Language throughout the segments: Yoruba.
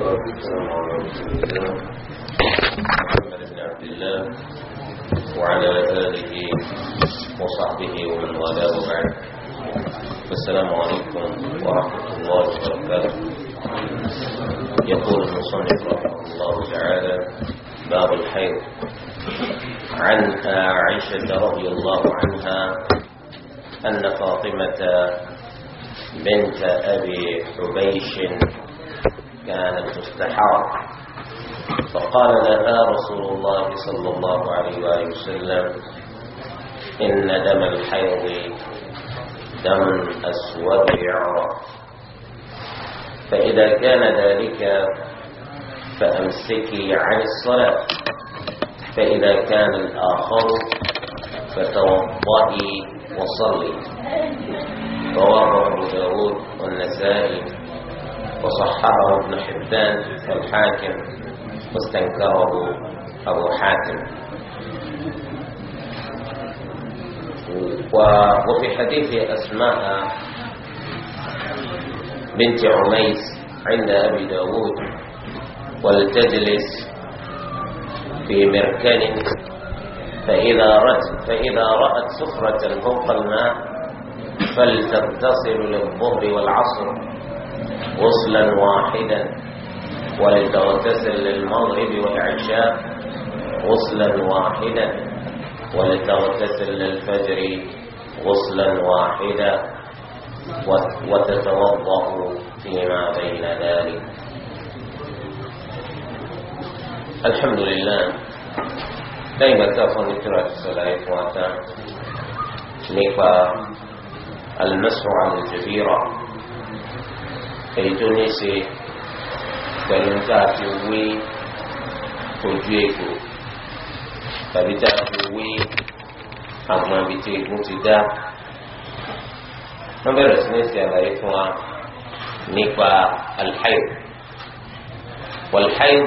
محمد بن عبد الله وعلى آله وصحبه ومن والاه بعد السلام عليكم ورحمة الله وبركاته يقول المصنف رحمه الله تعالى باب الحيض عن عائشة رضي الله عنها أن فاطمة بنت أبي حبيش كانت مستحارة فقال لها رسول الله صلى الله عليه وآله وسلم إن دم الحيض دم أسود يعرف فإذا كان ذلك فأمسكي عن الصلاة فإذا كان الآخر فتوضئي وصلي رواه أبو داود والنسائي وصححه ابن حبان والحاكم واستنكره أبو حاتم وفي حديث أسماء بنت عميس عند أبي داود ولتجلس في مركن فإذا رأت, فإذا رأت سفرة فوق الماء فلتغتسل للظهر والعصر غسلا واحدا ولتغتسل للمغرب والعشاء غسلا واحدا ولتغتسل للفجر غسلا واحدا وتتوضأ فيما بين ذلك الحمد لله دائما تاخذ نترى الصلاة إخواتا نقا المسح على الجزيرة èyí tó ní í ṣe pẹ̀lú tá a fi wé ojú egbò tàbí tá a fi wé àgbọn ibi tí egun ti dá wọ́n bẹ̀rẹ̀ sí ní ṣe àlàyé fún wa nípa alḥayb wàlḥayb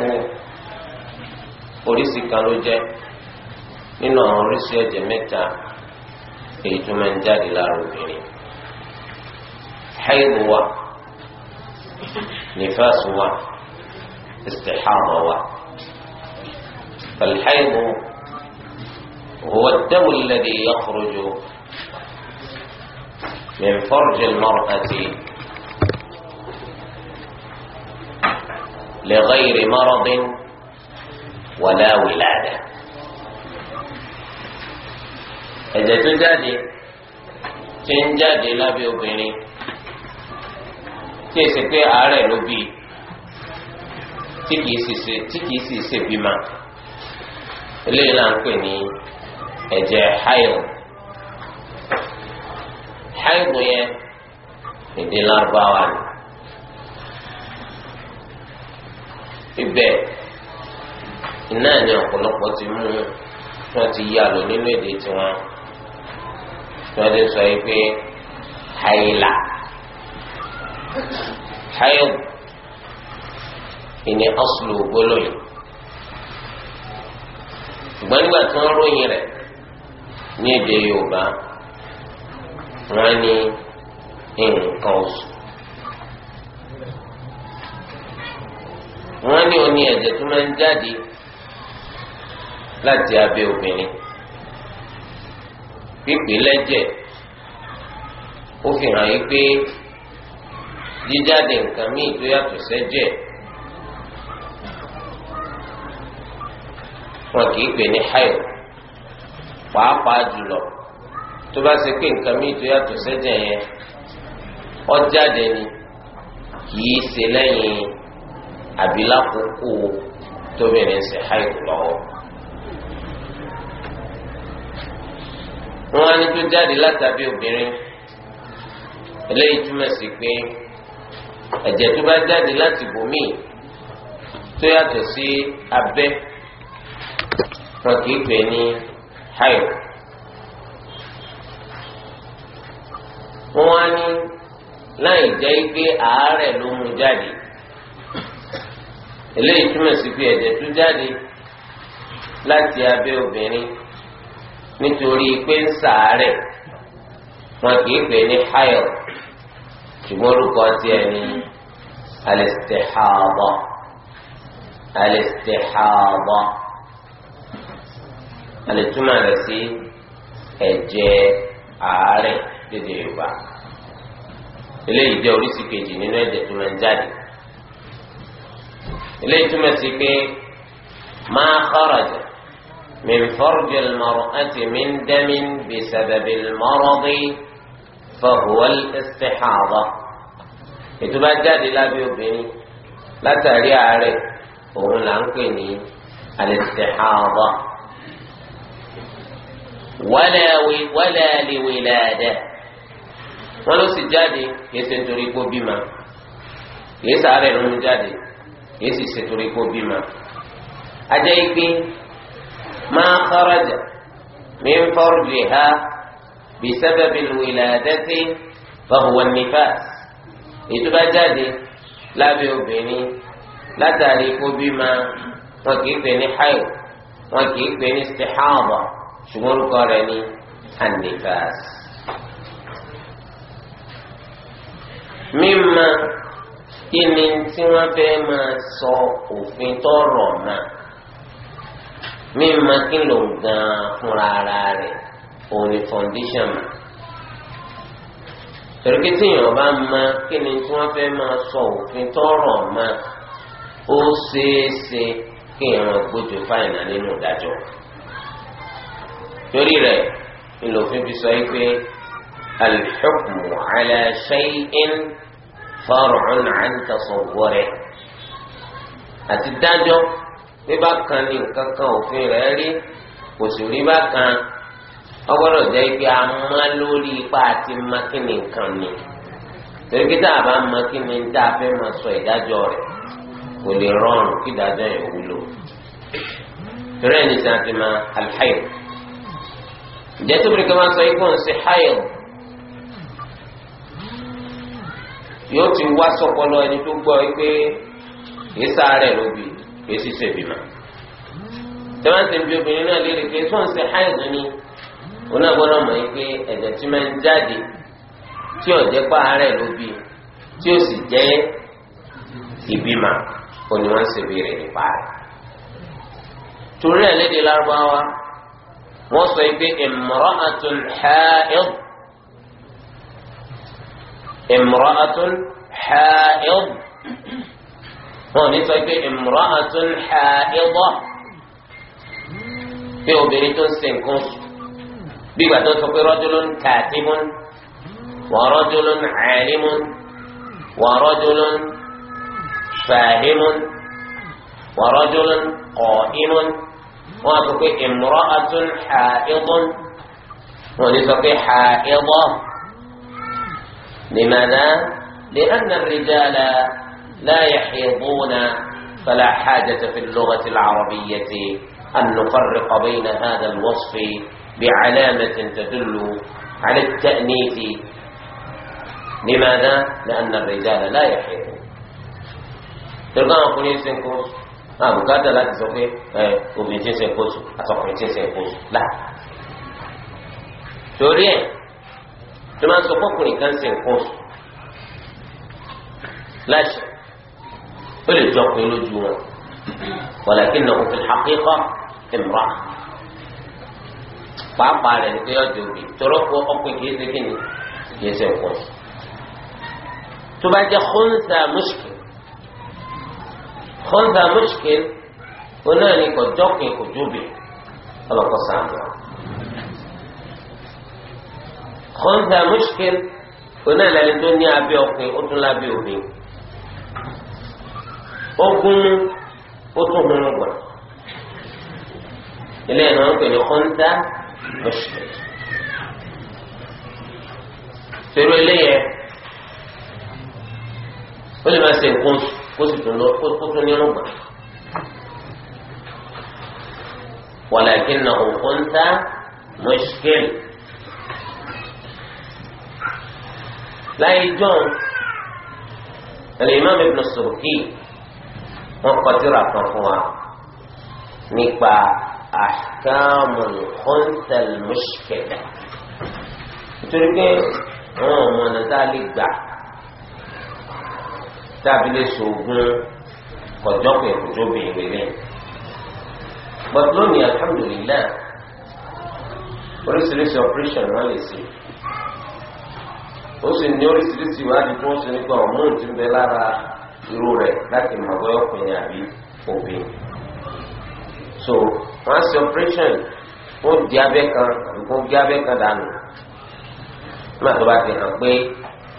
oríṣi kan ló jẹ́ nínú àwọn oríṣi ẹ̀jẹ̀ mẹ́ta èyí tó máa ń jáde lára obìnrin hayb wà. نفاس هو استحاضة هو فالحيض هو الدم الذي يخرج من فرج المرأة لغير مرض ولا ولادة إذا tó jáde لا ń tí èsì pé àárẹ̀ ló bí tí kìí sì ṣe tí kìí sì ṣe bímọ eléyìí náà ń pè ní ẹ̀jẹ̀ hayo hayo yẹn èdè lárúbáwá ni ibẹ̀ iná ni ọ̀pọ̀lọpọ̀ ti mú wọn ti yá lọ nínú èdè tiwọn tí wọn ti sọ yìí pé hayila. hayo ìní oslo gbólóyìn ṣùgbọ́n nígbà tí wọ́n ròyìn rẹ̀ ní èdè Yorùbá wọ́n ní nǹkan wọ́n ní oní ẹ̀jẹ̀ tó máa ń jáde láti abẹ́ jíjáde nǹkan míì tó yàtọ̀ sẹ́jẹ̀ wọn kì í pè ní hayo pàápàá jùlọ tó bá ṣe pé nǹkan míì tó yàtọ̀ sẹ́jẹ̀ yẹn ọ jáde ni kì í ṣe lẹ́yìn àbílákòókò tóbìnrin ṣe hayo lọ́wọ́. wọn á ní ẹ̀jẹ̀ tó bá jáde láti bòmíì tó yàtọ̀ sí abẹ́ wọn kì í pè ní hayo. wọ́n á ní láì jẹ́ pé àárẹ̀ ló mú jáde eléyìí túmọ̀ sí pé ẹ̀jẹ̀ tó jáde láti abẹ́ obìnrin nítorí pé ń ṣàárẹ̀ wọn kì í pè ní hayo ṣùgbọ́n orúkọ tiẹ̀ ní alẹ́sítẹ̀háàbọ̀ alẹ́sítẹ̀háàbọ̀ alẹ́túmọ̀ rẹ̀ sí ẹ̀jẹ̀ àárẹ̀ dédé yorùbá eléyìí jẹ́ oríṣi kejì nínú ẹ̀jẹ̀ tó máa ń jáde eléyìí túmọ̀ sí pé máa kọ́rọ̀jẹ̀ min farjil mar'ati min damin bisababil maradi. فهو الاستحاضة ètò bá jáde lábẹ́ obìnrin látàrí àárẹ̀ òun là ń pè ní al-istihada wala liwilada wọn ló sì jáde kìí ṣe nítorí kó bímọ kìí sàárẹ̀ ló ń jáde kìí sì ṣe torí kó bímọ. ajá ikpe ma kharaja min farjiha. بسبب الولادة فهو النفاس ètò bá jáde lábẹ́ obìnrin látàrí kó bímọ wọn kì í pè ní hayo wọn kì í pè ní stihaba ṣùgbọ́n orúkọ rẹ̀ ní anifas. mímọ kí ni tí wọ́n fẹ́ máa sọ òfin tọrọ mọ́ mímọ kí ló ń gan fúnra ara rẹ̀ òun ni foundation tẹ̀lifí tíyàn bá ma kí ni tí wọ́n fẹ́ máa sọ òfin tọrọ ma ó ṣeéṣe kí ìran gbójú fáìnà nínú ìdájọ́ torí rẹ̀ ńlọfin fi sọ pé al-hukmu ala shay'in far'un 'an tasawwurihi àti dájọ́ pé bákan ní nǹkan kan òfin rẹ̀ rí kò sì rí bákan wọ́n gbọ́dọ̀ jẹ́ pé a mọ́ lórí ipa àti mákìnì kan ni torí pé tá a bá mákìnì tá a fẹ́ máa sọ ìdájọ́ rẹ̀ kò lè rọrùn kí ìdájọ́ yẹn wúlò torí ẹni tí a ti máa alhaid ǹjẹ́ tó bìrì kan máa sọ ikú ṣe haid yóò ti wá sọpọlọ ẹni tó gbọ́ pé kì í sáré lóbi kì í sì ṣèbímọ tẹ́wọ́n ti ń bí obìnrin náà lérè pé tó ń ṣe ni onágbọ́dọ̀ mọ̀ yín pé ẹ̀jẹ̀ tí máa ń jáde tí ò jẹ́ pààrẹ̀ ló bí tí ó sì jẹ́ ìbímọ òní wọ́n ń ṣe béèrè nípa rẹ̀. torí ẹ̀ lédè lárúbáwá wọ́n sọ pé imra'atun ha'id imra'atun ha'id wọ́n ní sọ pé imra'atun ha'idah pé obìnrin tó ń ṣe nǹkan sùn. bí ìgbà tó sọ pé rajulun katibun wa rajulun alimun wa rajulun fahimun wa rajulun qa'imun wọ́n á sọ pé imra'atun ha'idun wọ́n ní sọ pé ha'idah limadha li'anna ar-rijala la yahiduna fala hajata fi al-lughati al-arabiyyati an nufarriqa bayna hadha al-wasfi. بعلامة تدل على التأنيث لماذا؟ لأن الرجال لا يحيرون تلقاهم كونيسين كوس آه، ما بكاتا لا تسوقي آه، كوبيتين سين كوس أتوقيتين سين كوس لا تورين تما سوقوني كان سين كوس لا شيء فلتوقي لجوة ولكنه في الحقيقة امرأة pàápàá rẹ̀ ní pé ọjọ́ òbí tọrọpọ ọkùnrin kìí ṣe kí ni kìí ṣe nǹkan oṣù tó bá jẹ́ kóńtà mushkil kóńtà mushkil oná ní kò jọkùnrin kò jóbi ọlọpọ sàmù kóńtà mushkil oná ìlànà tó ní abẹ́ ọkùnrin ó tún lábẹ́ obìnrin ogun ó tún hun gbà ilé ìnáwó pẹ̀lú kóńtà mushrik pẹ̀lú eléyẹ ó lè máa ṣe nǹkan oṣù kó sì tún lọ kó tún nínú gbà walakinnahu kunta mushkil láyé john al-imam ibn Suruki wọ́n kọ tírà kan fún wa nípa àkàmù kọ́ńtàl mọ́ṣíkẹ́dà nítorí pé àwọn ọmọ ọ̀nà tá a lè gbà tàbí lè sògùn kọjọ́ pé kòtò bìnrin lè but lónìí alhamdulilayi oríṣiríṣi operation wọn lè ṣe ó sì ní oríṣiríṣi ìwádìí tó ń ṣe nípa hormone tí ń bẹ lára irú rẹ̀ láti mọ̀ bóyá ọkùnrin àbí obìnrin so wọ́n ṣe operation wọ́n di abẹ́ kan àbí wọ́n gé abẹ́ kan dànù nígbà tó bá ti hàn pé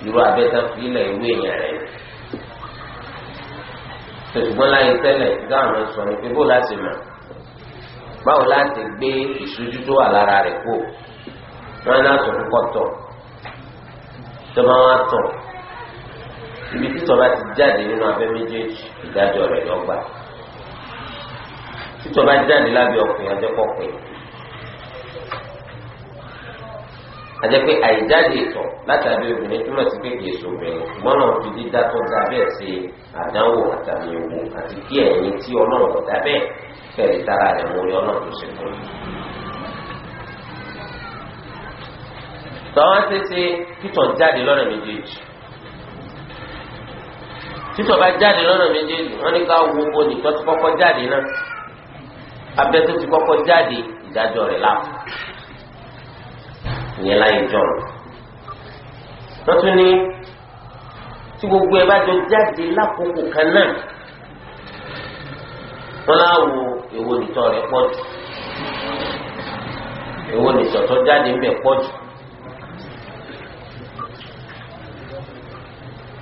irú abẹ́ tán fi ilẹ̀ ìwé èèyàn rẹ̀ tòṣùgbọ́n láyé tẹ́lẹ̀ gáwọn sọ ní pé bó láti mọ̀ báwo láti gbé ìṣojú tó wà lára rẹ̀ kó wọ́n ní aṣọ kúkọ́ tọ̀ tó bá wọn tọ̀ ibi títọ̀ bá ti jáde nínú abẹ́ méjèèjì ìdájọ́ rẹ̀ lọ́gbàá tó bá jáde lábẹ́ ọkùnrin ọjọ́ pọ̀ pé àjẹ́ pé àìjáde ìtọ̀ látàbí obìnrin túmọ̀ sí pé kìí sòbìnrin gbọ́nà fi dídá tó ga bẹ́ẹ̀ ṣe àdánwò àtàmì òwò àti kí ẹ̀yin tí ọlọ́run ọ̀dà bẹ́ẹ̀ kẹ̀lé tara rẹ̀ mú rí ọlọ́run tó ṣe fún un. tọ́wọ́n ṣeéṣe títọ̀ jáde lọ́nà méjèèjì títọ̀ bá jáde lọ́nà méjèèjì wọ́n ní ká wo bo nìkan tó kọ́kọ́ jáde náà abẹ́ tó ti kọ́kọ́ jáde ìdájọ́ rẹ̀ láàfù ìyẹn láyé jọrọ wọ́n tún ní tí gbogbo ẹ bá jọ jáde lákòókò kan náà wọ́n láwo èwo nìtọ rẹ̀ pọ̀ jù èwo nìtọ tó jáde ń bẹ pọ̀ jù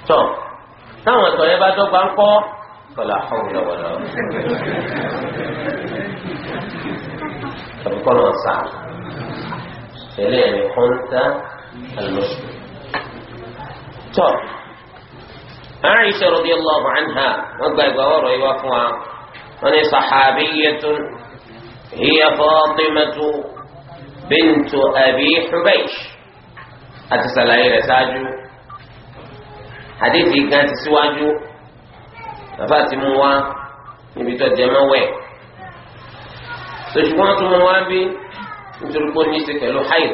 tọ táwọn ẹ̀tọ́ yẹn bá dọ́gba ńkọ́. فلا حول ولا بالله. كل صعب إليه كنت المشرك طب عائشة رضي الله عنها وقال قوار يوافوا من صحابية هي فاطمة بنت أبي حبيش أتسأل أي ساجو حديثي كانت سواجو bàbá ti mú wá níbi tó jẹ mọ́ wẹ̀ sọ̀tùkú wọn tún mú wá bí nítorí pé ó ní í ṣe pẹ̀lú haid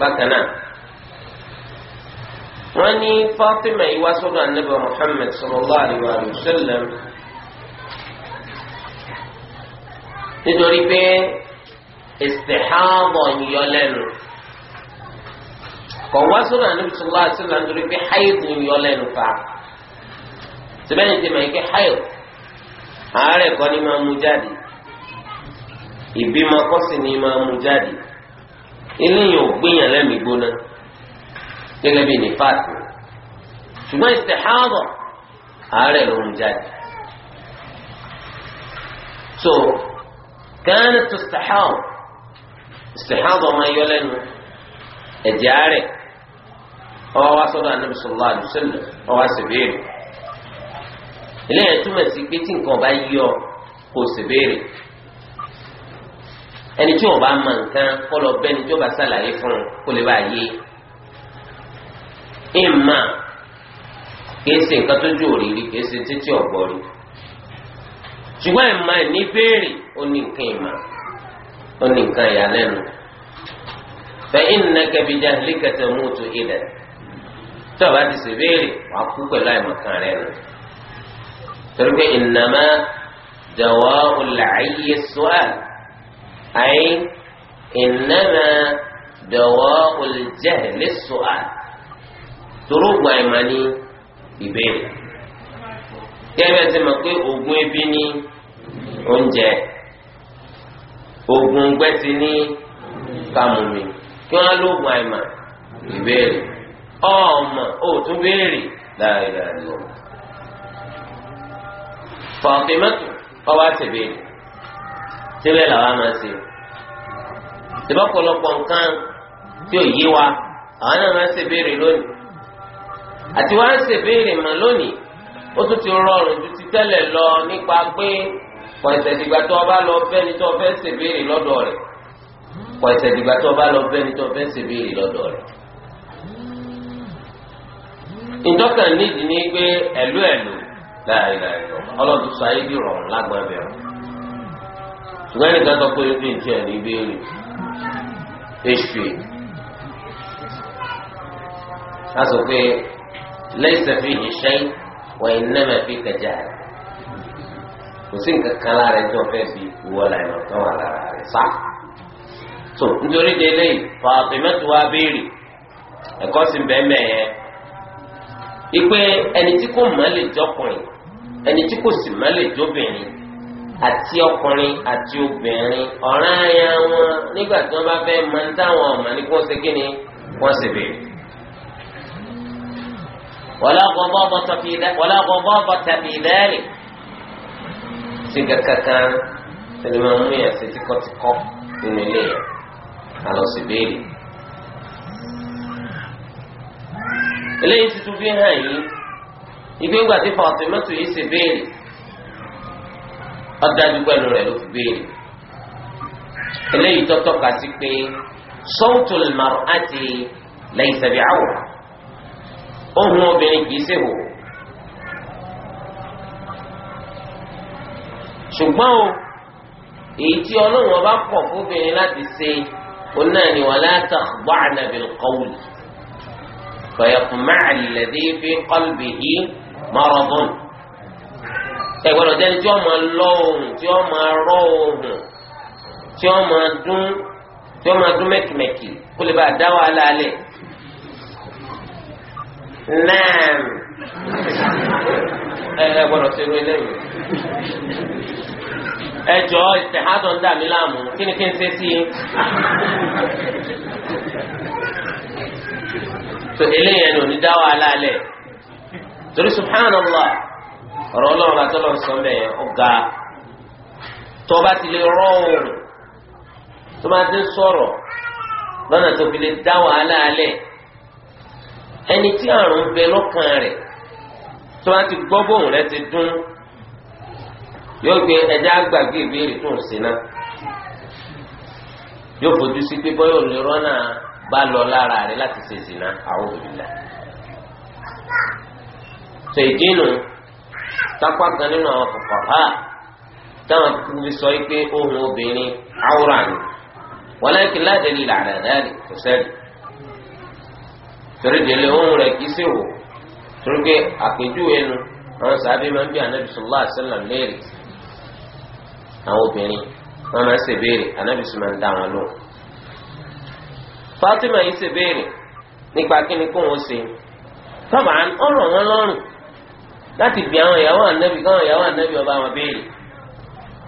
bákan náà wọ́n ní Fatima yìí wá sọ́dọ̀ anabi Muhammad sallallahu alayhi wa sallam nítorí pé istihadọ̀ yọ lẹ́nu kọ̀ wá sọ́dọ̀ anabi sallallahu alayhi nítorí pé haid yọ lẹ́nu fa sẹ́bẹ̀yìn ti mọ̀ ike hayo àárẹ̀ kọ́ ni máa mú jáde ìbímọ kọ́ sì ni máa mú jáde eléyìí ò gbéyàn lẹ́mìí gbóná gẹ́gẹ́ bí nífàtì ṣùgbọ́n ìsìtẹ̀háàbọ̀ àárẹ̀ ló ń jáde. so gánà tó ìsìtẹ̀háàbọ̀ ìsìtẹ̀háàbọ̀ máa yọ lẹ́nu ẹ̀jẹ̀ àárẹ̀ ọwọ́ wa sọ́dọ̀ ànábì sallallahu alaihi wasallam ọwọ́ eléyìí túmọ̀ sí pé tí nǹkan bá yí ọ kò sì béèrè ẹni tí wọn bá mọ nǹkan kọ lọ bẹni tí wọn bá ṣàlàyé fún un kó lè bá yé ìmọ̀ kìí ṣe nǹkan tó ju òrìrì kìí ṣe títí ọ̀gbọ́n rí ṣùgbọ́n ìmọ̀ ẹ̀ní béèrè ó ní nǹkan ìmọ̀ ó ní nǹkan ìyàlẹ́nu fa innaka bi jahlika tamutu idan tí wọn bá ti ṣe béèrè wàá kú pẹ̀lú àìmọ̀kan rẹ̀ nù. torí pé ìnàmá dàwọ́ ọ̀làyé sọ́ọ̀l àyè ìnàmá dàwọ́ ọ̀làjẹ́ lè sọ́ọ̀l torí ògùn àìmọ̀ ti mọ̀ pé ògùn ebi ní oúnjẹ ògùn gbẹ́sí ní kàmùmí kí wọ́n lóògùn àìmọ̀ ìbéèrè ọmọ òtún béèrè láìláìlọ́wọ́. Fatimatu ọwọ́ àtẹ̀bẹ́ síbẹ̀ làwọn máa ṣe síbẹ̀ ọ̀pọ̀lọpọ̀ nǹkan tí ò yé wa àwọn náà máa ṣe béèrè lónìí àti wọ́n á ṣe béèrè mọ́ lónìí ó tún ti rọrùn ju ti tẹ́lẹ̀ lọ nípa pé pọ̀ẹ̀sẹ̀ dìgbà tó o bá lọ bẹ́ni tó o fẹ́ ṣe béèrè lọ́dọ̀ rẹ̀ pọ̀ẹ̀sẹ̀ dìgbà tó o bá lọ bẹ́ni tó o fẹ́ ṣe béèrè lọ́dọ̀ rẹ̀ ìjọkàn nídìí ní pé ẹ̀lú ẹ̀lú láàyè láàyè lọ ọlọ́dún sọ ayé bí rọrùn lágbọ́n bẹ̀rù ṣùgbọ́n ẹnìkan sọ pé ebi ìtì ẹ̀ ní ìbéèrè èṣù a sọ pé lẹ́sẹ̀ fi ìṣe wọ ìnẹ́mẹ̀ fi kẹjà rẹ̀ kò sí nǹkan kan lára ẹjọ́ fẹ́ bi ìwọ làyàn kan wà lára rẹ̀ sá tó nítorí délé fàtìmẹ́tò wa béèrè ẹ̀kọ́ sì bẹ́ẹ̀ mẹ́ẹ̀ẹ́ ipe ẹni tí kò mọ̀ lè jọkùnrin ẹni tí kò sì má lè jóbìnrin àti ọkùnrin àti obìnrin ọ̀ràn aya wọn nígbà tí wọ́n bá fẹ́ máa ń táwọn ọmọ ní kí wọ́n ṣe kí ni wọ́n sì bèrè. ولا غضاضة في ذلك ولا غضاضة في ذلك سيكاكا المامية سيتيكوتيكو من الليل على سبيل eléyìí ti tún fi hàn yín ìgbé ńgbà tí Fátímátù yìí ṣe béèrè ọ̀dájú pẹ̀lú rẹ̀ ló fi béèrè eléyìí tó tọ́ka sí pé sawtul mar'ati laysa bi'awra ohùn obìnrin kìí ṣe wò ṣùgbọ́n o èyí tí ọlọ́run ọba pọ̀ fóbìnrin láti ṣe òun náà ni wala takhda'na bil qawli fa yatma'a alladhi fi qalbihi maradun ẹ gbọ́dọ̀ jẹ́ni tí wọ́n máa lọ ohùn tí wọ́n máa rọ ohùn tí wọ́n máa dún tí wọ́n máa dún mẹ́kìmẹ́kì kó lè bá a dá wàhálà alẹ́ naam ẹ ẹ gbọ́dọ̀ ṣe wọlé yìí ẹ jọ ń dà mí láàmú kí ni kí n ṣe sí i tó eléyìí ẹni ò ní dá wàhálà alẹ́. torí subhanallah ọ̀rọ̀ ọlọ́run bá tọ́lọ̀ sọ mẹ́yẹn ọ̀gá tó ti lè rọrùn tó bá ti ń sọ̀rọ̀ lọ́nà tó fi lè dá wàhálà ẹni tí àrùn ń bẹ lọ́kàn rẹ̀ tó bá ti gbọ́ bóun ti dún yóò gbé ẹja ìbéèrè tó tó ìdínú tápá nínú àwọn fuqaha táwọn fi sọ pé ohun obìnrin wọn ni walakin la dalila ala dhalik kò sẹ́rì torí délé ohun rẹ̀ kì í sì wò torí pé àpèjúwe nu àwọn sàbí máa ń bí anabi léèrè àwọn obìnrin wọn máa ń anabi máa ń dá wọn Fatima yìí ṣèbéèrè nípa kí ni si ṣe ọ̀rọ̀ wọn láti bí àwọn ìyàwó ànábì káwọn ìyàwó ànábì ọba wọn béèrè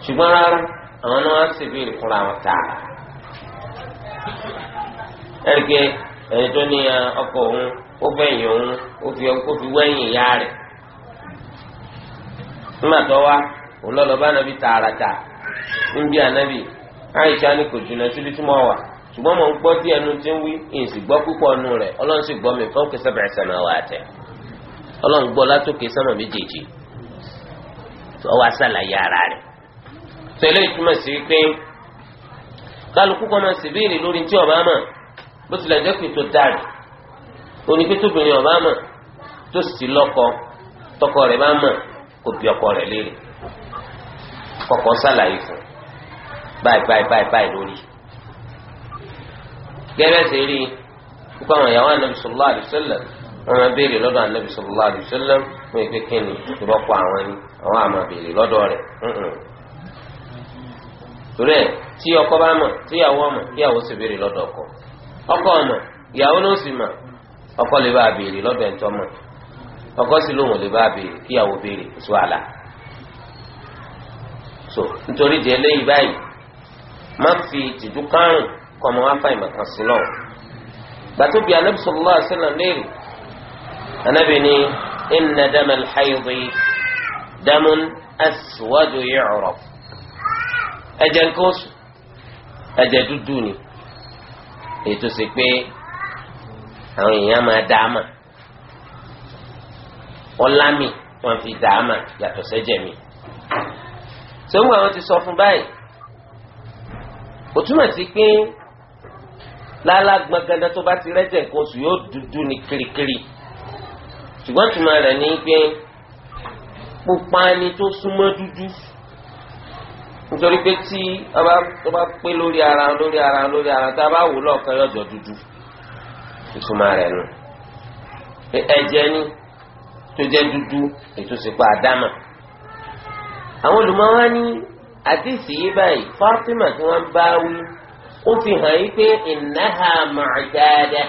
ṣùgbọ́n rárá àwọn náà wá sí béèrè fúnra wọn tààrà. ẹ̀ríkẹ́ ẹni tó ní ah, ọkọ òun ó bẹ̀yìn òun ó fi ó fi wẹ́yìn ìyá rẹ̀ nígbà tó wá òun lọ́ọ́ bá ànábì ń bí ànábì àìsà ni kò jìnnà síbi tí mo wà ṣùgbọ́n mo ń gbọ́ tí ẹnu ti ń wí ọlọ́run gbọ́ látòkè sánmà méjèèjì ọwọ́ àṣàlàyé ara rẹ̀ tẹ̀lé ìtumọ̀ sí pé kálukú kan máa ṣèbéèrè lórí tí ọba mọ̀ bó tilẹ̀ jẹ́ pé tó dàrú òní pé tóbìnrin ọba mọ̀ tó sì lọ́kọ tọkọ rẹ̀ bá mọ̀ kò bí ọkọ rẹ̀ léèrè kọ́kọ́ ṣàlàyé fún báyìí báyìí báyìí báyìí lórí gẹ́gẹ́ bẹ́ẹ̀ rí i àwọn ìyàwó ànábì sallallahu alaihi wọn máa béèrè lọ́dọ̀ anabi sallallahu alaihi wasallam wọn èké kínní ìrọ́pọ̀ àwọn ẹni àwọn àmà béèrè torí ẹ tí ọkọ bá tí ìyàwó ọkọ ọkọ ọmọ ìyàwó ló sì ọkọ lè bá béèrè ọkọ sì lóun lè bá béèrè kí ìyàwó béèrè sọ so nítorí di eléyìí báyìí má fi kárùn wá fà ìmọ̀ kan sí gbàtóbi anabi anabi ni inna dama alhaidi damun aswadu yu'raf ẹ̀jẹ̀ nǹkan oṣù ẹ̀jẹ̀ dúdú ni ètò sì pé àwọn èèyàn máa dá a mà ọlámì wọn fi dá a mà yàtọ̀ sẹ́jẹ̀ sọ́wọ́n àwọn ti sọ fún báyìí òtúmọ̀ sí pé lálágbọ̀n gandan tó bá ti rẹ́jẹ̀ nǹkan oṣù yóò dúdú ni kirikiri. Kiri ṣùgbọ́n tùmọ̀ rẹ̀ ní pé pupa ni tó súnmọ́ dúdú nítorí pé tí wọ́n bá pé lórí ara lórí ara lórí ara tá a bá wò lọ́ọ̀kan yọjọ́ dúdú ìtumọ̀ rẹ̀ nù ẹ̀jẹ̀ ni tó jẹ́ dúdú ètò ìsìnkú àdámà àwọn olùmọ̀wá ní àdìsí yìí báyìí Fatima tí wọ́n bá wí ó fi hàn yí pé ìnáhà màdáadáa.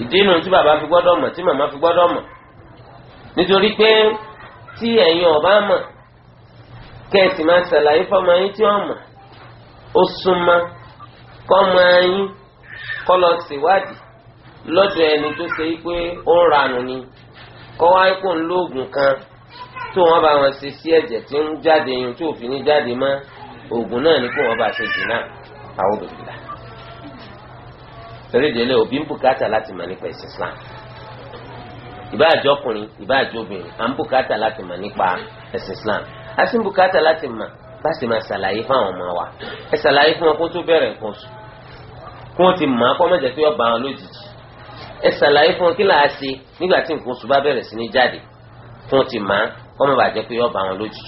ìdínú tí bàbá fi gbọ́dọ̀ mọ̀ tí màmá fi gbọ́dọ̀ mọ̀ nítorí pé tí ẹ̀yin ọba mọ̀ kẹ́ẹ̀sì máa ṣàlàyé fọmọ yín tí ó mọ̀ ó súnmọ́ kọ́mọ yín kọ́ lọ ṣèwádìí lọ́dọ̀ ẹni tó ṣe pé ó ń ranù ni kọ́ wá kó ń lóògùn kan tó wọ́n bá wọn ṣe sí ẹ̀jẹ̀ tí ń jáde yun tí òfin ní jáde mọ́ oògùn náà ni kó wọ́n bá ṣe jù náà àwọn òbí bìlà torí ìdílé òbí ń bùkátà láti mọ̀ nípa ẹ̀sìn Islam ìbáàjọ ọkùnrin ìbáàjọ obìnrin à ń bùkátà láti mọ̀ nípa ẹ̀sìn Islam a sì ń bùkátà láti mọ̀ bá sì máa ṣàlàyé fún àwọn ọmọ wa ẹ ṣàlàyé fún wọn kó tó bẹ̀rẹ̀ nǹkan oṣù kó wọn ti mọ̀ akọ́ mọ̀jẹ̀ tó yọ bá wọn lójijì ẹ ṣàlàyé fún wọn kí làá ṣe nígbà tí nǹkan oṣù bá bẹ̀rẹ̀ sí ní jáde kó wọn ti mọ̀ kọ́ mọ̀ bàjẹ́ pé yọ wọn lójijì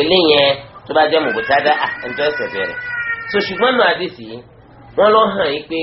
eléyẹn tó bá jẹ́ mọ̀gbọ́tádá à ń tọ́ bẹ̀rẹ̀ so ṣùgbọ́n nù àdìsí wọn lọ hàn yí pé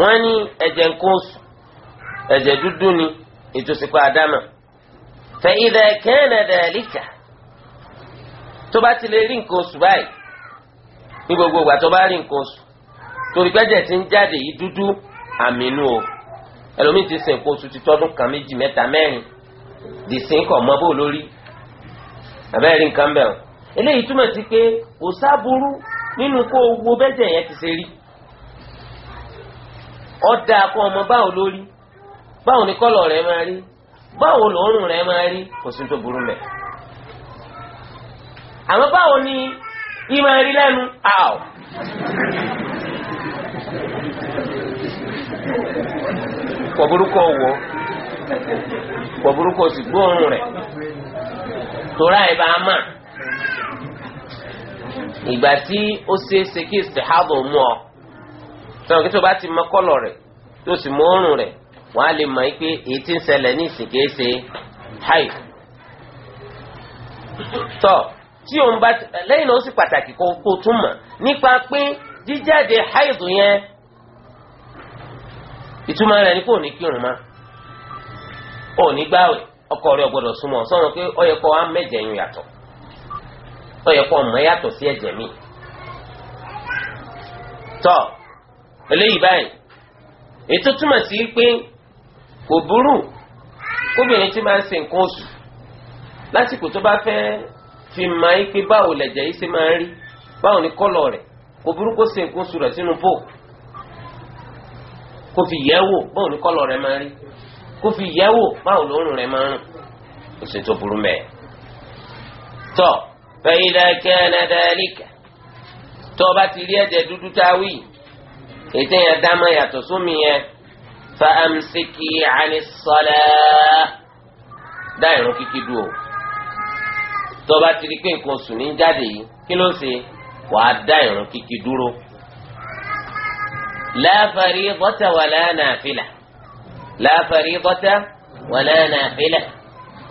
wọ́n ní ẹ̀jẹ̀ nǹkan oṣù ẹ̀jẹ̀ dúdú ni ìtòsíkọ àdámà fa idha kana dhalika tó bá ti lè rí nǹkan oṣù báyìí ní gbogbo ìgbà tó bá rí nǹkan oṣù torí pẹ́jẹ̀ ti ń jáde yìí dúdú àmínú o ẹlòmíì ti sìn kó ti tọ́dún kan méjì mẹ́ta mẹ́rin dìsín kọ̀ mọ́ bó lórí àbẹ́rẹ́ nǹkan bẹ̀rù eléyìí túmọ̀ sí pé kò sábúrú nínú kó owó bẹ́jẹ̀ yẹn ti ṣe rí ọ̀dà kó ọmọ báwo lórí báwo ni kọlọ rẹ máa rí báwo lòórùn rẹ̀ máa rí kò sí tó burú báwo ni ìmọ̀ rí lẹ́nu àwọ̀. kò wọ kò sì gbóòórùn rẹ̀ torá ẹ̀ bá a mọ̀ ìgbà tí ó sọ̀rọ̀ kí tó bá ti mọ kọ́lọ̀ rẹ̀ tó sì mọ òórùn rẹ̀ wọ́n á lè mọ̀ pé èyí ti ń ṣẹlẹ̀ ní ìsìn kìí ṣe haid. tọ́ tí òun bá lẹ́yìn náà ó sì pàtàkì kó tún mọ̀ nípa pé jíjáde haid yẹn ìtumọ̀ rẹ̀ ni kò ní kírun mọ́ ò ní gbààwẹ̀ ọkọ rẹ̀ gbọ́dọ̀ súnmọ́ sọ̀rọ̀ pé ó yẹ kó wá mẹ́jẹ̀ yín yàtọ̀ ó yẹ kó mọ̀ yàtọ̀ sí ẹ̀jẹ̀ mi. tọ́ eléyìí báyìí ètò túmọ̀ sí pé kò burú kóbìnrin tí máa ń ṣe nǹkan oṣù lásìkò tó bá fẹ́ fi máa yí pé báwo lẹ̀jẹ̀ yìí ṣe máa ń rí báwo ni kọ́lọ̀ rẹ̀ kò burú kó ṣe nǹkan oṣù rẹ̀ sínú bò kó fi yẹ̀ wò báwo ni kọ́lọ̀ rẹ̀ máa ń rí kó fi yẹ̀ wò báwo lóorùn rẹ̀ máa ń rùn kò sí tó burú mẹ́ẹ̀. tọ́ fẹ́ ilẹ̀ kẹ́ ẹ̀ẹ́dẹ́gbẹ̀rẹ́ tó o bá ti rí ẹ̀jẹ̀ dúdú táwí ètò yẹn dámọ̀ yàtọ̀ súnmi yẹn fa amsiki ani sọlẹ dá irun kíkí dúró tọba ti di pé nǹkan oṣù ní jáde yìí kí ló ń ṣe wàá dá irun kíkí dúró la farida wala nafila la farida wala nafila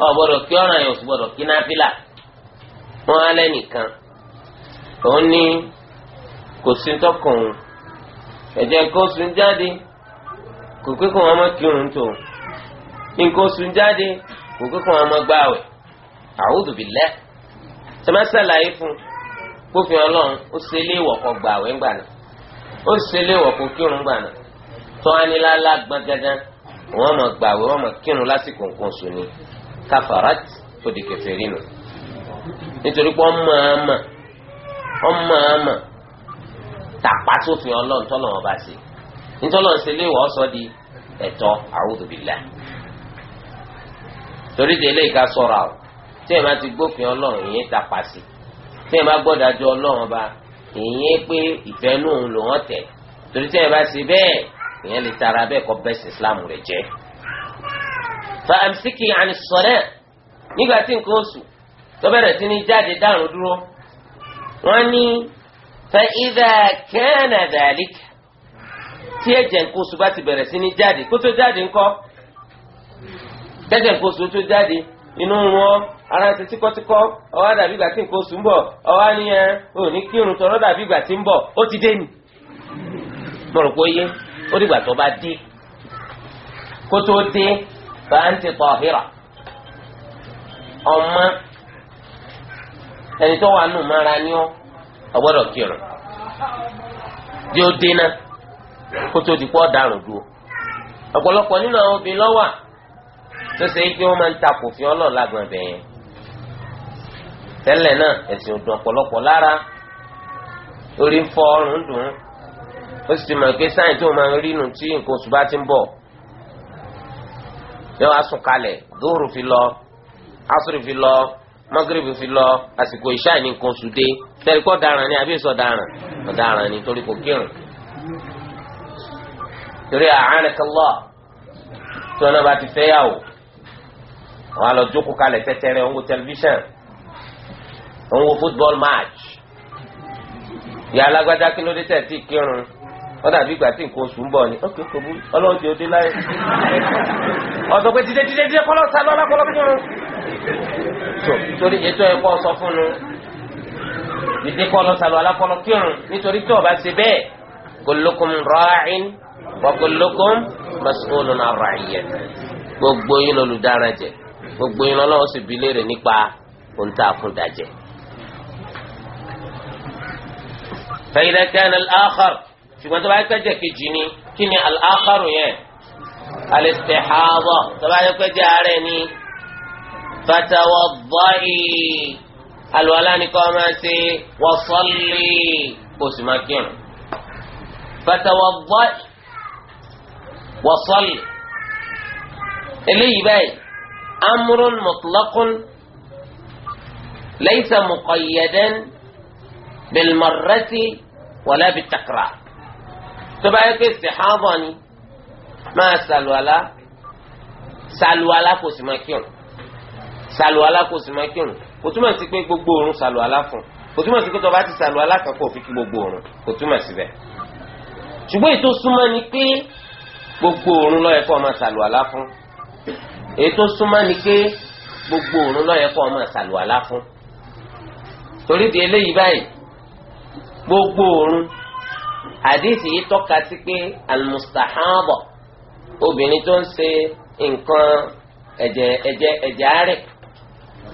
ọ gbọ́dọ̀ kí ọ̀ràn yẹn oṣù gbọ́dọ̀ kí náfìlà wọn alẹ nìkan òun ní kò sí tọkàn ẹ̀jẹ̀ kó sun jáde kò pé kó wọn má kírun tó nǹkan sun jáde kò pé kó wọn má gbààwẹ̀ a'udhu billah tẹmẹ sàlàyé fún kófin Ọlọ́run ó ṣe lé ìwọkọ gbààwẹ̀ ńgbà náà ó ṣe lé ìwọkọ kírun ńgbà náà tó wá ní lálá gbọn dandan wọn má gbààwẹ̀ wọn má kírun lásìkò nǹkan sùn ni kafarat tó di kẹfẹ rínu nítorí pé ọmọ àmà ọmọ àmà tàpá sófin ọlọ́run tọ́lọ̀ wọn bá ṣe nítọ́lọ̀ ṣe lé wọ́n sọ di ẹ̀tọ́ àwùjọbìlà torí délé ìka sọ̀rọ̀ àwọ̀ tí ẹ̀ bá ti gbófin ọlọ́run ìyẹn tàpá sí tí ẹ̀ bá gbọ́dájọ́ ọlọ́run bá ìyẹn pé ìfẹ́ nù ń lò wọ́n tẹ̀ torí tí ẹ̀ bá ṣe bẹ́ẹ̀ ìyẹn lè tara bẹ́ẹ̀ kọ́ bẹ́ẹ̀ sí Islam rẹ̀ jẹ́ fa amsiki àni sọ̀rẹ́ nígbà tí nǹkan oṣù tó bẹ̀rẹ̀ sí ní jáde dárùn dúró wọ́n ní فإذا كان ذلك tí ẹ̀jẹ̀ nǹkan oṣù bá ti bẹ̀rẹ̀ sí ní jáde kó jáde ńkọ́ tẹ́jẹ̀ nǹkan tó jáde inú ọ ara ti tíkọ́tíkọ́ ọwọ́ dàbí ìgbà tí nǹkan oṣù ń bọ̀ ọwọ́ ní ò ní kírun tọrọ dàbí ìgbà tí ń ó ti dé ni. mo rò pé yé ó dìgbà tó bá dé dé bá ń ti ọmọ ọgbọ́dọ̀ kírun bí ó dé náà kó tó di pọ́ ọ̀daràn dúró ọ̀pọ̀lọpọ̀ nínú àwọn obìnrin lọ́wà tó ṣe é pé wọ́n máa ń takò fi ọlọ́ọ̀ lágbọ̀n bẹ̀ yẹn tẹ́lẹ̀ náà ẹ̀sìn òdùn ọ̀pọ̀lọpọ̀ lára orí ń fọ ọrùn dùn ó sì mọ̀ pé sáyìn tó máa ń rí tí nǹkan oṣù bá ti ń bọ̀ yóò wá sùn kalẹ̀ dóòrù fi lọ asùrù fi lọ magrib fi lọ àsìkò ìṣá ní nǹkan oṣù dé tẹ̀ríkọ́ daran ni àbí sọ daran ọ̀daràn ni torí kò kírun torí àánákàlọ́ tí wọn náà bá ti fẹ́ yà wò wọn á lọ jókòó kalẹ̀ tẹ́tẹ́rẹ́ wọn wo tẹlifíṣàn wọn wo football match ìyá alágbádá kí ló dé tẹ̀ tí kírun wọ́n dàbí ìgbà tí nǹkan oṣù ń bọ̀ ni ok kò bú ọlọ́run ti òde láyé ọ̀sọ̀ pé dídé dídé dídé kọ́lọ́ sá lọ́lá kọ́lọ́ kírun torí ètò ẹ̀kọ́ sọ fún un dìde kọ́ lọ sàlù alákọ́lọ́ kírun nítorí tó o bá ṣe bẹ́ẹ̀ kullukum ra'in wa kullukum mas'ulun 'an ra'iyyatihi gbogbo yín lọ́lùdára jẹ gbogbo yín lọ́wọ́ sì bi léèrè nípa ohun tá a fún dajẹ. ṣùgbọ́n tó bá yẹ jẹ́ kejì ni kí ni al-akhar yẹn al-istihada tó bá yẹ jẹ́ ààrẹ ni. فتوضئي àlùwàlá ni kó máa ṣe wasalli kó sì máa kírun فتوضئي wasalli eléyìí báyìí amrun mutlaqun laysa muqayyadan bilmarrati wala bitakrar tó bá yẹ kó istihada ni máa ṣàlùwàlá ṣàlùwàlá kó sì máa kírun. sàlù alákòóso máa kírun kò túmọ̀ sí pé gbogbo òrun sàlù aláfún kò túmọ̀ sí pé tó bá ti sàlù alákan kò fi kí gbogbo òrun kò túmọ̀ síbẹ̀ ṣùgbọ́n ètò súnmọ́ ni pé gbogbo òrun ló yẹ kó máa sàlù aláfún ètò súnmọ́ ni pé gbogbo òrun ló yẹ kó máa sàlù aláfún torí di eléyìí báyìí gbogbo òrun àdéhìí yìí tọ́ka sí pé almustahaba obìnrin tó ń ṣe nǹkan ẹ̀jẹ̀ ẹ̀jẹ̀ ẹ̀jẹ̀ àárẹ̀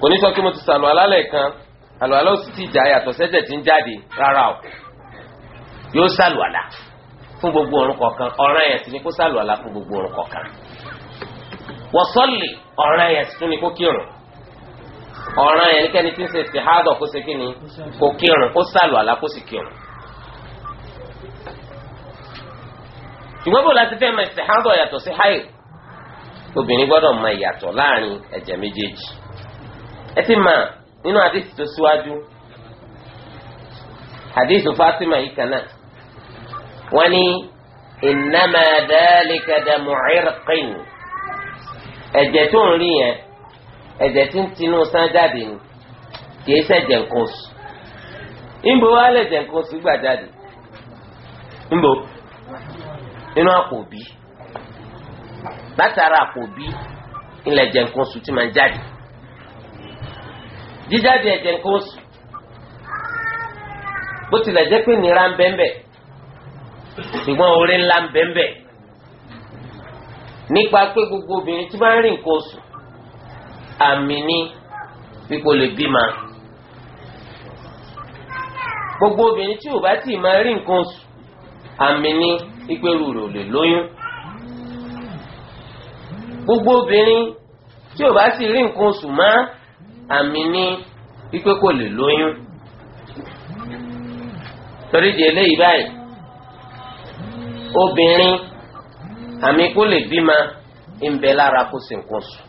kò ní sọ kí mo ti sàlù alálẹ̀ kan àlù alá òsì ti jà yàtọ̀ sẹ́jẹ̀ tí ń jáde rárá o yóò sàlù àlà fún gbogbo orun kọ̀ọ̀kan ọ̀ràn yẹn sì ni kó sàlù àlà fún gbogbo orun kọ̀ọ̀kan wọ́sọ́lì ọ̀ràn yẹn sì tún ni kó kírun ọ̀ràn yẹn nìkẹ́ni tí ń ṣe ṣèhádọ̀ kó ṣe kíni kó kírun kó sàlù àlà kó sì kírun. ṣùgbọ́n bò láti fẹ́ mọ ìṣèhádọ̀ yàtọ̀ sí háì obìnrin gbọ́dọ̀ mọ ìyàtọ̀ láàrin ẹ̀jẹ̀ méjèèjì. ẹ ti mà nínú àdìsí tó síwájú àdìsí Fatima yìí kan náà wọ́n ní innama dhalika damu irqin ẹ̀jẹ̀ tó ń rí yẹn ẹ̀jẹ̀ tí ń tinú jáde ni kìí gbà jáde àpòbí látara àpòbí ti máa jáde. jíjáde ẹ̀jẹ̀ nǹkan oṣù bó tilẹ̀ jẹ́ pé nira ń bẹ́ńbẹ́ ṣùgbọ́n orí ńlá ń bẹ́ńbẹ́ nípa pé gbogbo obìnrin tí bá ń rí nǹkan oṣù àmì ní pípò lè bímọ gbogbo obìnrin tí ò bá tì máa rí nǹkan oṣù àmì ní ìpẹ́rù rò lè lóyún gbogbo obìnrin tí ò bá sì rí nǹkan oṣù máa àmì ní wípé kò lè lóyún torí di eléyìí báyìí obìnrin àmì kò lè bímọ ń bẹ lára kó sì ń kó sùn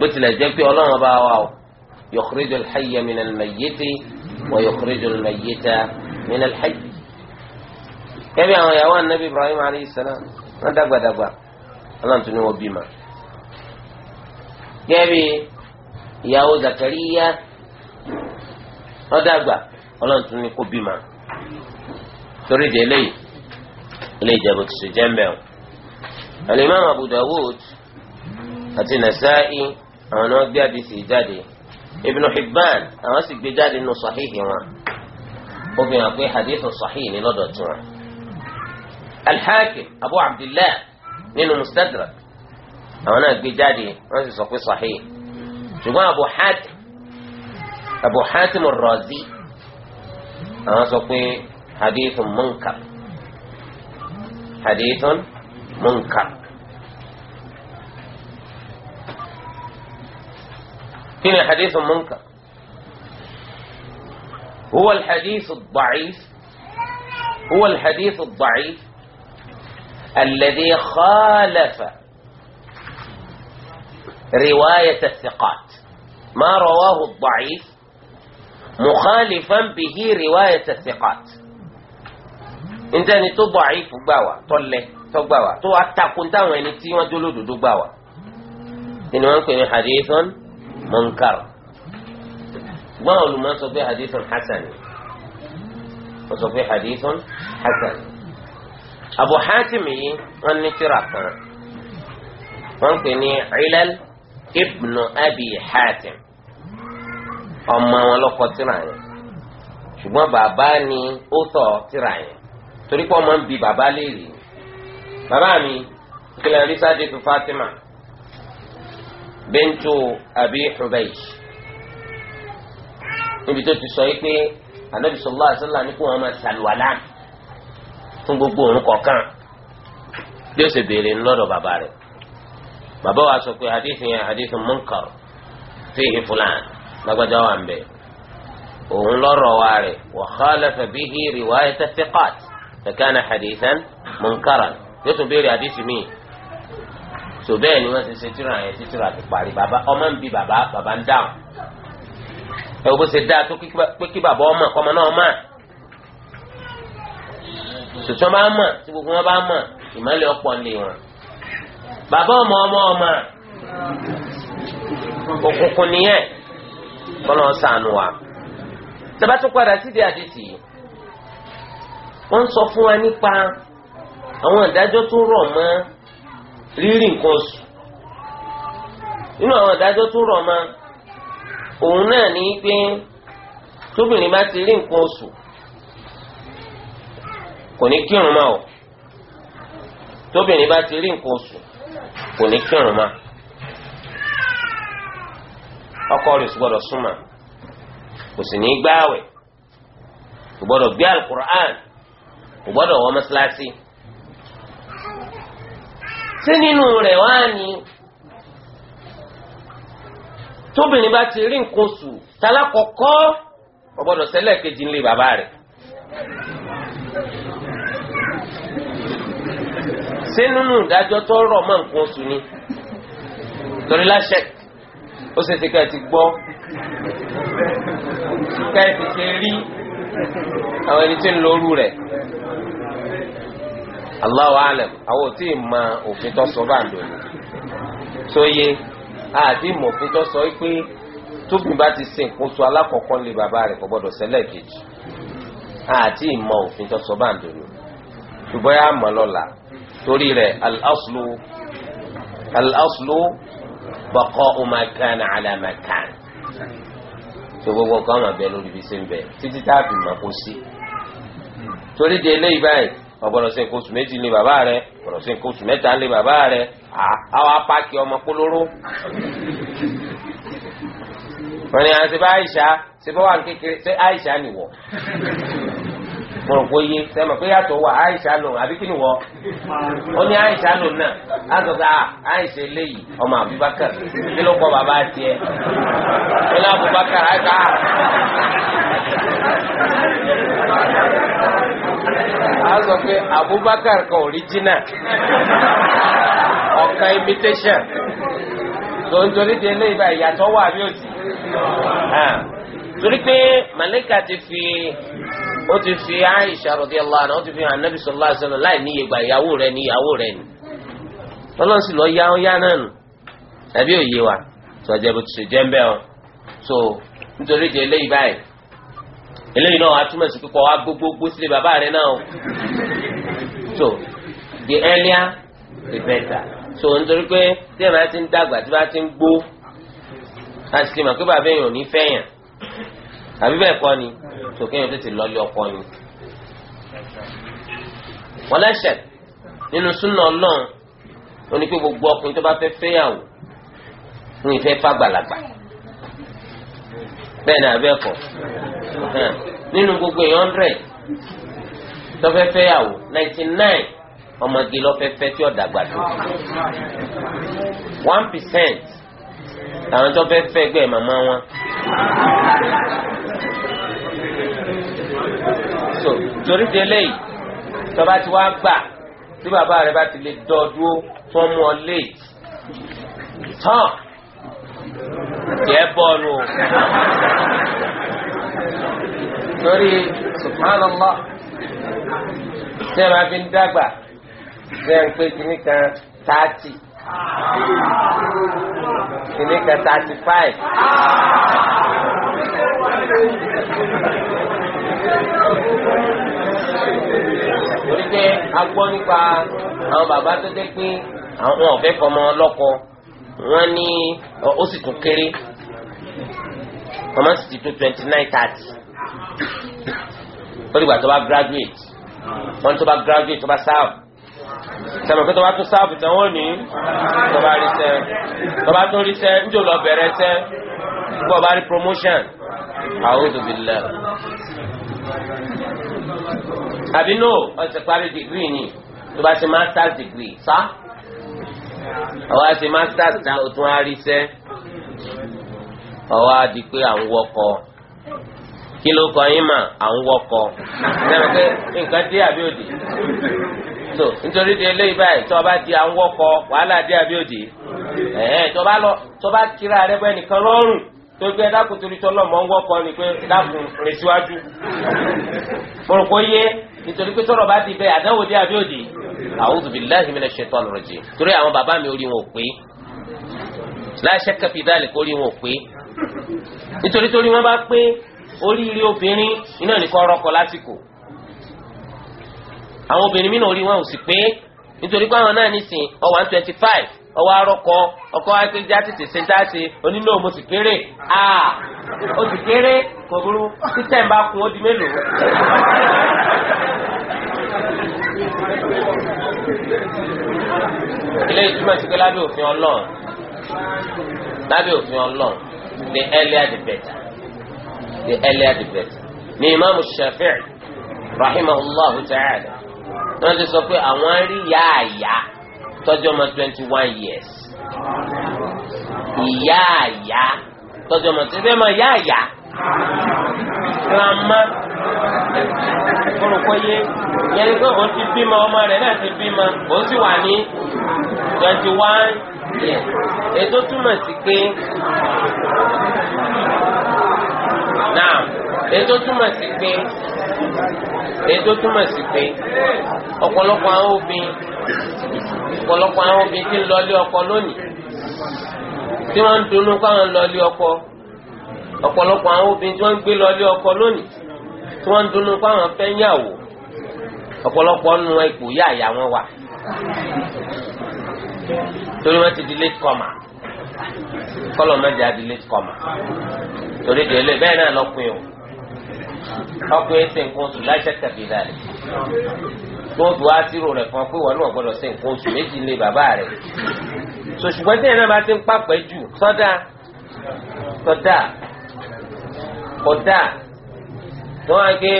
bó tilẹ̀ jẹ́ pé ọlọ́run bá wà ó yukhrijul hayya minal mayyiti wa yukhrijul mayyita minal hayy. kẹ́mi àwọn ìyàwó anabi ibrahim alayhi salam wọ́n dàgbàdàgbà ọlọ́run tún ní wọ́n bímọ. kẹ́mi ìyàwó Zakariya ọ̀dàgbà ọlọ́run tún ní kó bímọ torí de eléyìí ilé ìjẹ̀bù tó ṣe jẹ́ ń bẹ̀ ọ́ alimami Abu Dawud àti Nasa'i àwọn náà gbé àdìsí jáde Ibn Hibban àwọn sì gbé jáde nínú sàhíhì wọn ó fi hàn pé hadith sàhíhì ní lọ́dọ̀ tí wọn. al Abu Abdillah nínú Mustadrak àwọn náà gbé jáde wọn sì sọ pé sàhíhì. شوفوا ابو حاتم ابو حاتم الرازي انا سوقي حديث منكر حديث منكر فين حديث منكر هو الحديث الضعيف هو الحديث الضعيف الذي خالف رواية الثقات ما رواه الضعيف مخالفا به رواية الثقات انت ان تو ضعيف غباوا طله تو غباوا تو اتاكون تاwọn ẹni tí wọ́n dolo dodo gbawa ni wọ́n pè ní hadithun munkar ṣùgbọ́n olùmọ̀ sọ pé hadithun hasan wọ́n sọ pé hadithun hasan abu hatim yìí wọ́n ní tírà kan wọ́n pè ní ilal ibnu abi hatim ọmọ wọn lọkọ tírà yẹn ṣùgbọ́n bàbá ni ó tọ tírà yẹn torí pé ọmọ ń bi bàbá léèrè bàbá mi kílẹ̀ rí sadiq fatima bintu abi hubaysh níbi tó ti sọ yìí pé anabi sallallahu alaihi wasallam kó wọn máa ṣàlùwàlá fún gbogbo òun kọ̀ọ̀kan bí ó sì béèrè ńlọ́dọ̀ bàbá rẹ̀ bàbá wa sọ pé hadith yẹn hadith munkar fihi fulan lágbájá wa ń bẹ òun lọ́rọ̀ wa rẹ̀ wa khalafa bihi riwayat thiqat fakana hadithan munkaran yóò tún béèrè hadith mi so bẹ́ẹ̀ ni wọ́n ti ṣe tíra yẹn tí tíra ti parí bàbá ọmọ ń bi bàbá bàbá ń dáhùn ẹ wo bó ṣe dáa tó pé kí bàbá ọmọ kọ́mọ náà mọ̀ sòtún bá mọ̀ tí gbogbo wọn bá mọ̀ ìmọ̀lẹ̀ ọ̀pọ̀ ń wọn bàbá ọmọ ọmọ ọmọ òkùnkùn nìyẹn kọ́nà sànù wa tẹ́bá tún padà síbi àdìsí wọ́n ń sọ fún wa nípa àwọn ìdájọ́ tó rọ̀ mọ́ rírì nǹkan oṣù nínú àwọn ìdájọ́ tó rọ̀ mọ́ òun náà ní pé tóbìnrin bá ti rí nǹkan oṣù kò ní kírun mọ́ ọ tóbìnrin bá ti rí nǹkan oṣù kò ní kírun ma ọkọ rẹ̀ sì gbọ́dọ̀ súnmọ́ kò sì ní gbààwẹ̀ kò gbọ́dọ̀ gbé alukur'an kò gbọ́dọ̀ wọ mọ́sálásí tí nínú rẹ̀ wá ní tóbìnrin bá ti rí nǹkan oṣù tálákọ̀ọ́kọ́ ọgbọ́dọ̀ ṣẹlẹ̀ kejì ńlẹ̀ bàbá rẹ̀. ṣé nínú ìdájọ́ tó rọ̀ mọ́ nǹkan oṣù ni torí láṣẹ ó ṣe ti ká ẹ ti gbọ́ ká ẹ sì ṣe rí àwọn ẹni tí ń lorú rẹ̀ Allahu alam àwọn ò tí ì mọ òfin tó sọ bá ń lò ní sóye àti ìmọ̀ òfin tó sọ pé tóbi bá ti ṣe nǹkan oṣù alákọ̀ọ́kọ́ lé bàbá rẹ̀ kò gbọ́dọ̀ ṣẹlẹ̀ kejì àti ìmọ̀ òfin tó sọ bá ń lò ṣùgbọ́n yà á mọ̀ lọ́la torí rẹ̀ al-aslu al-aslu baqa'u ma kana ala ma kana tó gbogbo kan máa bẹ lórí ibi sẹ́ńbẹ̀ títí tá a fi máa kó sí torí di eléyìí báyìí ọ̀gbọ́dọ̀ ṣe nǹkan oṣù méjì lé bàbá rẹ̀ ọ̀gbọ́dọ̀ ṣe nǹkan oṣù mẹ́ta lé bàbá rẹ̀ àwọn apáàkì ọmọ kólóró. wọ́n ní àwọn ṣe bá àìsà ṣe bá wà ní kékeré ṣe àìsà nìwọ̀ mo rò pé sẹ́mi pé yàtọ̀ wà àìsàn lò àbí kí ni wọ́ ó ní náà á sọ pé eléyìí ọmọ Abubakar kí ló kọ bàbá tiẹ̀ kí ló Abubakar àìsàn á. sọ pé Abubakar kan original ọ̀kan imitation ti fi. ó ti fi Aisha radiyallahu anha ó ti fi hàn Nabi sallallahu alaihi wasallam láì níye gba ìyàwó rẹ̀ ní ìyàwó rẹ̀ ni ọlọ́run sì lọ yá ó yá náà nù tàbí òye wa tọ́jà bó ti ṣe jẹ́ ń bẹ́ ọ so nítorí ti eléyìí báyìí eléyìí náà wàá túmọ̀ sí kíkọ́ wá gbogbogbò sílé bàbá rẹ̀ náà o so the earlier the better so nítorí pé tí ẹ̀ bá ti ń dàgbà tí bá ti ń gbó a sì mọ̀ pé bàbá èèyàn ò ní fẹ́yàn àbí bẹ́ẹ̀ kọ́ ni sókè yẹn tètè lọ́lé ọkọ ni. wọ́n lẹ́sẹ̀ nínú súnà náà ó ní pé gbogbo ọkùnrin tó bá fẹ́ fẹ́yàwó ń fẹ́ fàgbàlagbà bẹ́ẹ̀ ni àbẹ́ kọ́ nínú gbogbo èèyàn rẹ̀ tó fẹ́ fẹ́yàwó ninety nine ọmọge lọ́fẹ́fẹ́ tí ó dàgbà tó one percent làwọn tó fẹ́ fẹ́ gbẹ́ màmá wọn. so torí délé yìí tọba tí wàá gbà tí bàbá rẹ bá ti lè dọdúró tó mú ọ tán yẹ bọ́ọ̀lù o torí subhanallah tẹ́ ẹ máa fi ń dàgbà tẹ́ ẹ ń pè kíní kan tààtì kìíní kan thirty five. torí pé a gbọ́ nípa àwọn bàbá tó dé pé àwọn ọ̀fẹ́ fọmọ ọlọ́kọ wọ́n ní ó sì tún kéré ọmọ sì ti tún twenty nine thirty ó dìgbà tó bá graduate wọ́n tó bá graduate tó bá sáà sẹ́mi pé tó bá tún sáàbù tán wọ́n ní tó bá rí sẹ́ tó bá tún rí sẹ́ níjò lọ bẹ̀rẹ̀ sẹ́ kó o bá rí promotion a'udhu billah. àbí no ọ̀sẹ̀ parí degree ni tó bá ṣe masters degree sá ọwọ́ àti masters náà ó tún á rí sẹ́ ọwọ́ á di pé à ń wọkọ̀ kí ló kọ yín mà à ń wọkọ̀ sẹ́mi pé nǹkan dé àbí òdì so nítorí di eléyìí báyìí tó o bá di àwọn ọkọ wàhálà dé abíòdì ẹ̀ẹ́n tó o bá lọ tó o bá kíra rẹ bọ́ ẹnìkan lọ́rùn tó gbé dákun torí tọ́lọ́ mọ́ ń wọ́kọ ni pé dákun rìn síwájú orúkọ yé nítorí pé tọ́lọ̀ bá di bẹ́ẹ̀ àdáwò dé abíòdì a'udhu billahi minash shaitani rajim torí àwọn bàbá mi orí wọn ò pé la shakka fi dhalika orí wọn ò pé nítorí torí wọn bá pé oríire obìnrin iná nìkan rọkọ lásìkò àwọn obìnrin mìíràn orí wọn ò sì pé nítorí pé àwọn náà nísìn ọwọ́ one twenty five ọwọ́ arọ́kọ ọkọ akéjà tètè ṣe dáṣe onínú mo sì kéré a ó sì kéré kò burú títẹ̀ ń bá kun ó di mélòó. ilé ìtumọ̀ sí pé lábẹ́ òfin ọlọ́run lábẹ́ òfin ọlọ́run the earlier the better the earlier the wọ́n ti sọ pé àwọn rí ya. àyà tọ́jú ọmọ twenty one years ìyá àyà tọ́jú ọmọ tí bẹ́ẹ̀ mọ ya, àyà grandma olùkọ́yé yẹn ni pé òun ti bímọ ọmọ rẹ̀ náà ti bímọ òun sì wà ní twenty one years ètò túmọ̀ sí pé now ètò túmọ̀ sí pé ètò túmọ̀ sí pé ọ̀pọ̀lọpọ̀ àwọn obìnrin ọ̀pọ̀lọpọ̀ àwọn obìnrin ti ń lọlé ọkọ lónìí tí wọ́n ń dunnú káwọn ń lọlé ọkọ ọ̀pọ̀lọpọ̀ àwọn obìnrin tí wọ́n ń gbé lọlé ọkọ lónìí tí wọ́n ń dunnú káwọn fẹ́ yàwó ọ̀pọ̀lọpọ̀ nu ipò yá àyà wọn wà torí wọ́n ti di late comer kọ́lọ̀ mẹ́jọ á di late comer torí délé bẹ́ẹ̀ náà lọ́kùnrin o ọkọ ẹ ṣe nǹkan oṣù láṣẹ tàbí lálẹ́ gbọ́dọ̀ wá sírò rẹ̀ fún ọ pé wọn náà gbọ́dọ̀ ṣe nǹkan oṣù méjì lé bàbá rẹ̀ so ṣùgbọ́n tí ẹ̀rọ bá ti ń pàpẹ́ jù sọ́dà sọ́dà kọ́dà tí wọ́n á ké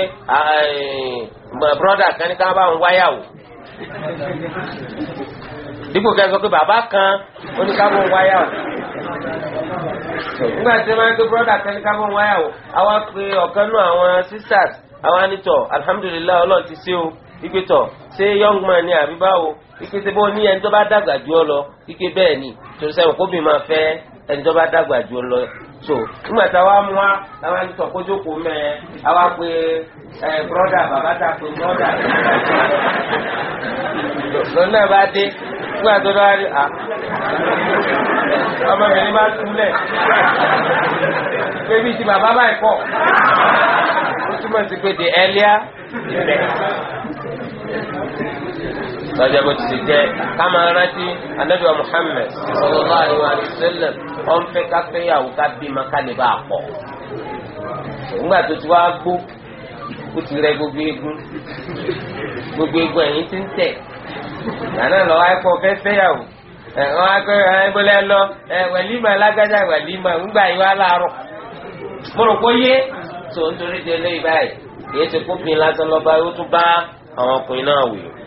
brọ́dà kan ní ká bá wọn wáyà wò dípò ká sọ pé bàbá kan oníkàbọ̀ wáyà o nígbà tí wọ́n gbé brọ́dà kan oníkàbọ̀ wáyà o àwa pe ọ̀kan nú àwọn sisters àwa nítọ̀ alhamdulillah ọlọ́run ti ṣe o ike ṣé young man ni àbí báwo ike tí bó ní ẹni tó bá dàgbà jù ọ lọ ike bẹ́ẹ̀ ni torí sẹ́wọ̀n kóbì máa fẹ́ ẹni tó bá dàgbà jù ọ lọ so nígbà tá a wá mú wa làwọn ẹni sọ kójú mẹ a wá ẹ broda bàbá ta pé broda lọ́nà bá dé nígbà tó bá rí a ọmọ mi bá túlẹ̀ bébí ti bàbá báyìí pọ̀ ó túmọ̀ sí pé the earlier the better lọ́jọ́ bó ti ṣe jẹ́ ká máa rántí anabi muhammed sallallahu alaihi wa sallam ó ń fẹ́ ká fẹ́yàwó ká bímọ ká lè bá a pọ̀ nígbà tó ti wá gbó ó ti rẹ gbogbo eegun gbogbo eegun ẹ̀yìn ti ń tẹ̀ nànà lọ́wọ́ ẹ̀kọ́ fẹ́ fẹ́yàwó ẹ̀wọ́n akọ́ ẹ̀gbọ́lẹ́ lọ wẹ̀límà lágájá wẹ̀límà ńgbà yìí wá láàárọ̀ mo rò pé yé tó ń torí délé báyìí èyí ti kó pin lásán lọ́ba ó tún bá àwọn ọkùnrin náà wì í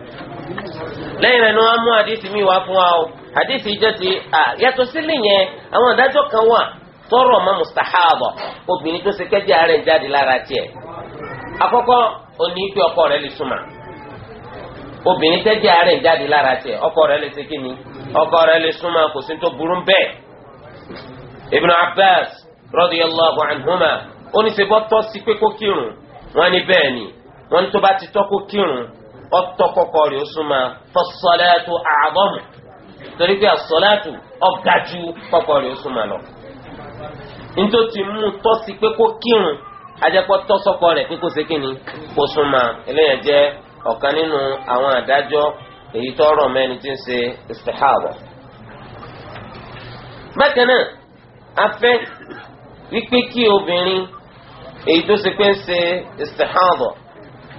lẹ́yìn rẹ̀ ni wọ́n á mú àdìsí mi wá fún wa o àdìsí jẹ́ ti yàtọ̀ sílẹ̀ yẹn àwọn ìdájọ́ kan wà tọrọ ma mustahaba obìnrin tó ṣe kẹ́jẹ́ àárẹ̀ jáde lára tiẹ̀ àkọ́kọ́ òní pé ọkọ rẹ̀ lè súnmọ́ obìnrin tẹ́jẹ́ àárẹ̀ jáde lára tiẹ̀ ọkọ rẹ̀ lè ṣe kí ni ọkọ rẹ̀ lè súnmọ́ kò sí tó burú bẹ́ẹ̀ Ibn Abbas radiyallahu anhuma oníṣẹ́ bọ́ tọ́ sí pé kó kírun wọ́n ní bẹ́ẹ̀ ni wọ́n ní tó bá ti tọ́ kó kírun ọtọkọkọ rẹ̀ ó súnmọ́ fọsọlẹ́tù àbọ̀mù torí pé àsọlẹ́tù ọ̀gájú kọkọ rẹ̀ ó lọ. nítorí ti mú tọ́sí pé kó kírun ajẹ́pọ̀ tọ́sọ́kọ rẹ̀ pé kó ṣe kíni kó súnmọ́ eléyàn jẹ́ ọ̀kan nínú àwọn àdájọ́ èyí tó rọ̀ mẹ́ni a fẹ́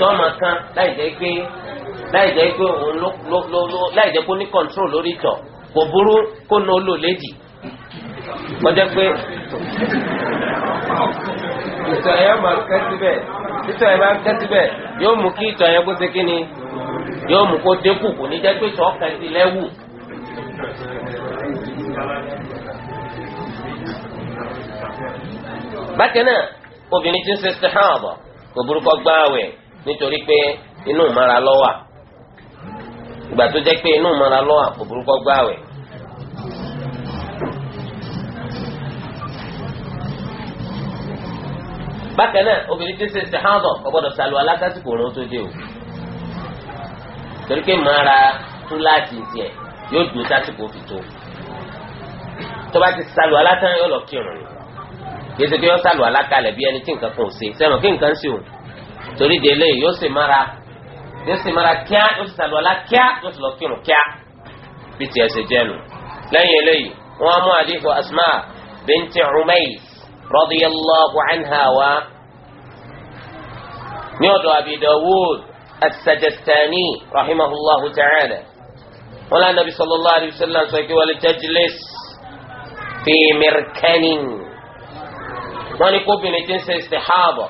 tọ́ọ̀mà kan láì jẹ́ pé láì jẹ́ pé òun ló ló ló láì jẹ́ pé ó ní control lórí ìtọ̀ kò burú kó na olò léjì kọjá pé ìtọ̀ ẹ̀ máa kẹ́ síbẹ̀ títọ̀ ẹ̀ máa kẹ́ síbẹ̀ yóò mú kí ìtọ̀ ẹ̀ kó ṣe kí ni yóò mú kó dínkù kò ní jẹ́ pé ìtọ̀ ọ̀kẹ́ sí lẹ́wù. bákan náà obìnrin ti ń ṣe ṣe hàn àbọ̀ kò burú kó gbá àwẹ̀ nítorí pé inú ìmọ̀ra lọ́wà ìgbà tó jẹ́ pé inú ìmọ̀ra lọ́wà kò burúkọ gbààwẹ̀. bákan náà obìnrin tí ń ṣe ṣèhánzọ ọgbọ́dọ̀ ṣàlùwà látàsìkò òun tó dé o torí pé ìmọ̀ra tún láti tiẹ̀ yóò dùn sásìkò fi tó tó bá ti ṣàlùwà látàn yóò lọ kírun ni kí ẹsẹ̀ kí yóò ṣàlùwà lákàlẹ̀ bí ẹni tí nǹkan kan ò ṣe sẹ́wọ̀n kí nǹkan ń ṣe òun torí délé yóò sì mara yóò sì mara kíá yóò sì sàlùwàlá kíá yóò sì lọ kírun kíá bí tiẹ̀ ṣe jẹ́ nu lẹ́yìn eléyìí wọ́n á mú àdéhùn asma binti umais radiyallahu anha wa ní ọ̀dọ̀ abi dawud as-sajistani rahimahullahu ta'ala wọn lé anabi sallallahu alayhi wa sallam sọ kí tajlis fi mirkanin wọ́n ní kóbìnrin tí ń ṣe istihaba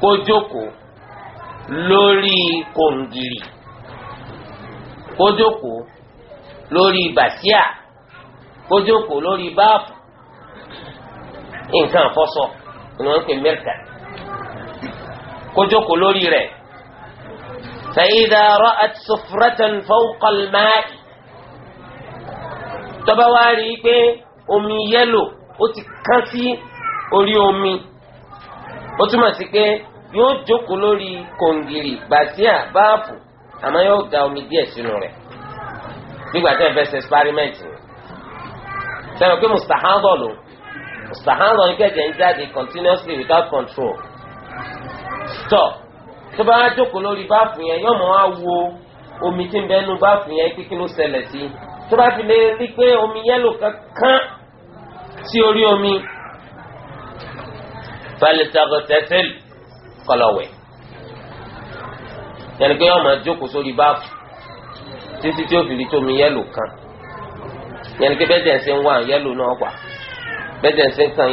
kó jókòó lórí kòǹgìrì kó jókòó lórí bàsíà kó jókòó lórí báàpù nǹkan àfọsọ ni wọn ń pè mẹ́ta kó jókòó lórí rẹ̀ fa'idha ra'at sufratan fawqa al-ma'i tọ́ba wá rí i pé omi yẹ́lò ó ti kán sí orí omi ó túmọ̀ sí pé yóò jókòó lórí kòǹgìrì gbàtíà báàpù àmọ́ yóò da omi díẹ̀ sínú rẹ̀ nígbà tí ẹ fẹ́ ṣe experiment ni sẹ́wọ̀n pé mustahadọ̀ ló mustahadọ̀ ní kẹ̀kẹ́ ń jáde continuously without control stop tó bá wá jókòó lórí báàpù yẹn yóò mọ̀ wá wo omi tí ń bẹ nu báàpù yẹn pé kí ló ṣẹlẹ̀ sí tó bá fi lè rí pé omi yẹ́lò kankan sí orí omi falitagotẹsẹl kọlọwẹ yẹnni pé yọọ máa jókòó sórí báàfù títí tí ó fi rí tómi yẹlò kan yẹnni pé bẹ́tẹ̀ ń ṣe ń wà yẹlò náà wà bẹ́tẹ̀ ń ṣe ń kàn